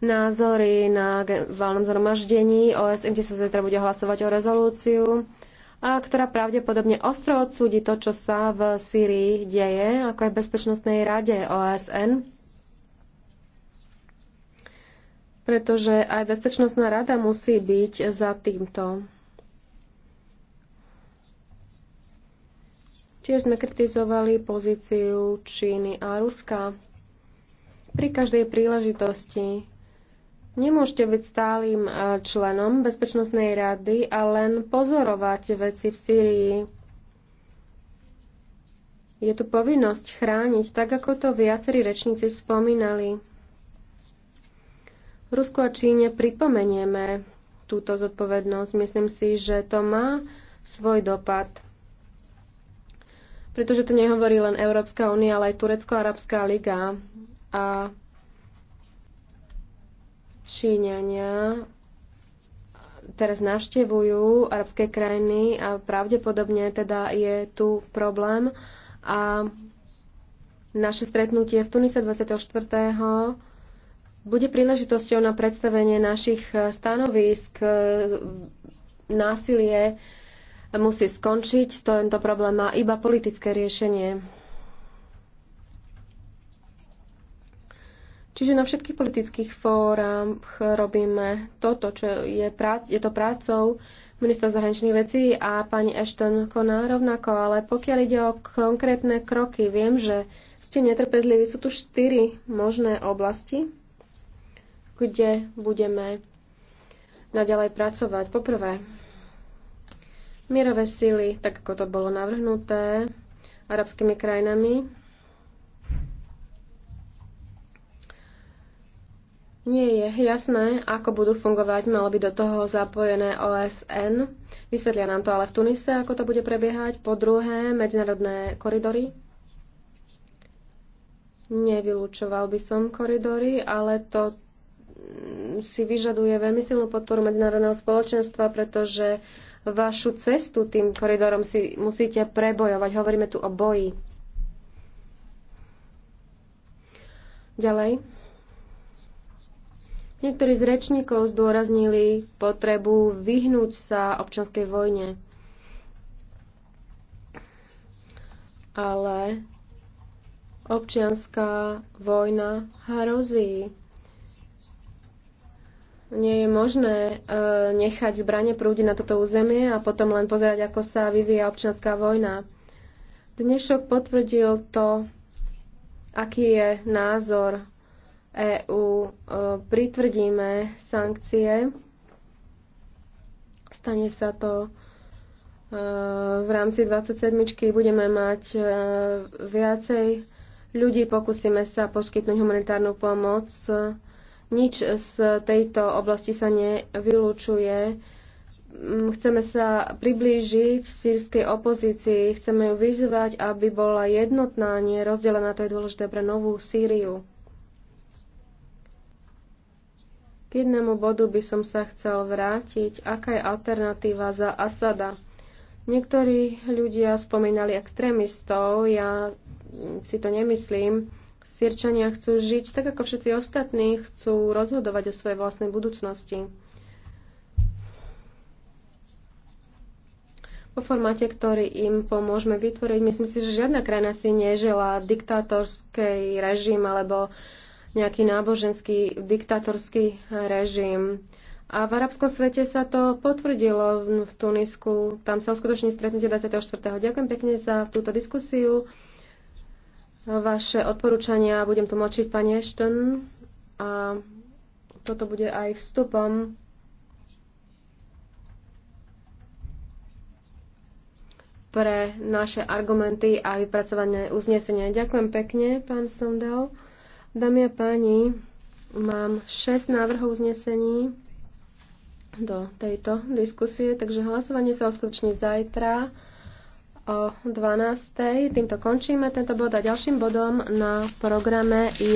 Speaker 3: názory na valnom zhromaždení OSN, kde sa zajtra bude hlasovať o rezolúciu a ktorá pravdepodobne ostro odsúdi to, čo sa v Sýrii deje, ako aj v Bezpečnostnej rade OSN pretože aj Bezpečnostná rada musí byť za týmto. Tiež sme kritizovali pozíciu Číny a Ruska. Pri každej príležitosti nemôžete byť stálym e, členom Bezpečnostnej rady a len pozorovať veci v Sýrii. Je tu povinnosť chrániť, tak ako to viacerí rečníci spomínali. Rusku a Číne pripomenieme túto zodpovednosť. Myslím si, že to má svoj dopad. Pretože to nehovorí len Európska únia, ale aj Turecko-Arabská liga a Číňania teraz navštevujú arabské krajiny a pravdepodobne teda je tu problém. A naše stretnutie v Tunise 24 bude príležitosťou na predstavenie našich e, stanovisk e, Násilie musí skončiť, tento problém má iba politické riešenie. Čiže na všetkých politických fórach robíme toto, čo je, prá- je to prácou ministra zahraničných vecí a pani Ashton koná rovnako, ale pokiaľ ide o konkrétne kroky, viem, že ste netrpezliví, sú tu štyri možné oblasti, kde budeme naďalej pracovať. Poprvé, mierové síly, tak ako to bolo navrhnuté arabskými krajinami, Nie je jasné, ako budú fungovať, malo by do toho zapojené OSN. Vysvetlia nám to ale v Tunise, ako to bude prebiehať. Po druhé, medzinárodné koridory. Nevylúčoval by som koridory, ale to si vyžaduje veľmi silnú podporu medzinárodného spoločenstva, pretože vašu cestu tým koridorom si musíte prebojovať. Hovoríme tu o boji. Ďalej. Niektorí z rečníkov zdôraznili potrebu vyhnúť sa občanskej vojne. Ale občianská vojna hrozí nie je možné e, nechať zbranie prúdiť na toto územie a potom len pozerať, ako sa vyvíja občianská vojna. Dnešok potvrdil to, aký je názor EÚ. E, pritvrdíme sankcie. Stane sa to e, v rámci 27. Budeme mať viacej ľudí, pokúsime sa poskytnúť humanitárnu pomoc nič z tejto oblasti sa nevylúčuje. Mm, chceme sa priblížiť sírskej opozícii, chceme ju vyzvať, aby bola jednotná, nie rozdelená. To je dôležité pre novú Sýriu. K jednému bodu by som sa chcel vrátiť. Aká je alternatíva za Asada? Niektorí ľudia spomínali extrémistov, ja si to nemyslím. Sirčania chcú žiť tak ako všetci ostatní, chcú rozhodovať o svojej vlastnej budúcnosti. Po formáte, ktorý im pomôžeme vytvoriť, myslím si, že žiadna krajina si nežela diktátorský režim alebo nejaký náboženský diktátorský režim. A v arabskom svete sa to potvrdilo v Tunisku. Tam sa uskutoční stretnutie 24. Ďakujem pekne za túto diskusiu vaše odporúčania. Budem to močiť, pani Ashton. A toto bude aj vstupom pre naše argumenty a vypracované uznesenia. Ďakujem pekne, pán Sondal. Dámy a páni, mám 6 návrhov uznesení do tejto diskusie, takže hlasovanie sa uskutoční zajtra o 12.00. Týmto končíme tento bod a ďalším bodom na programe je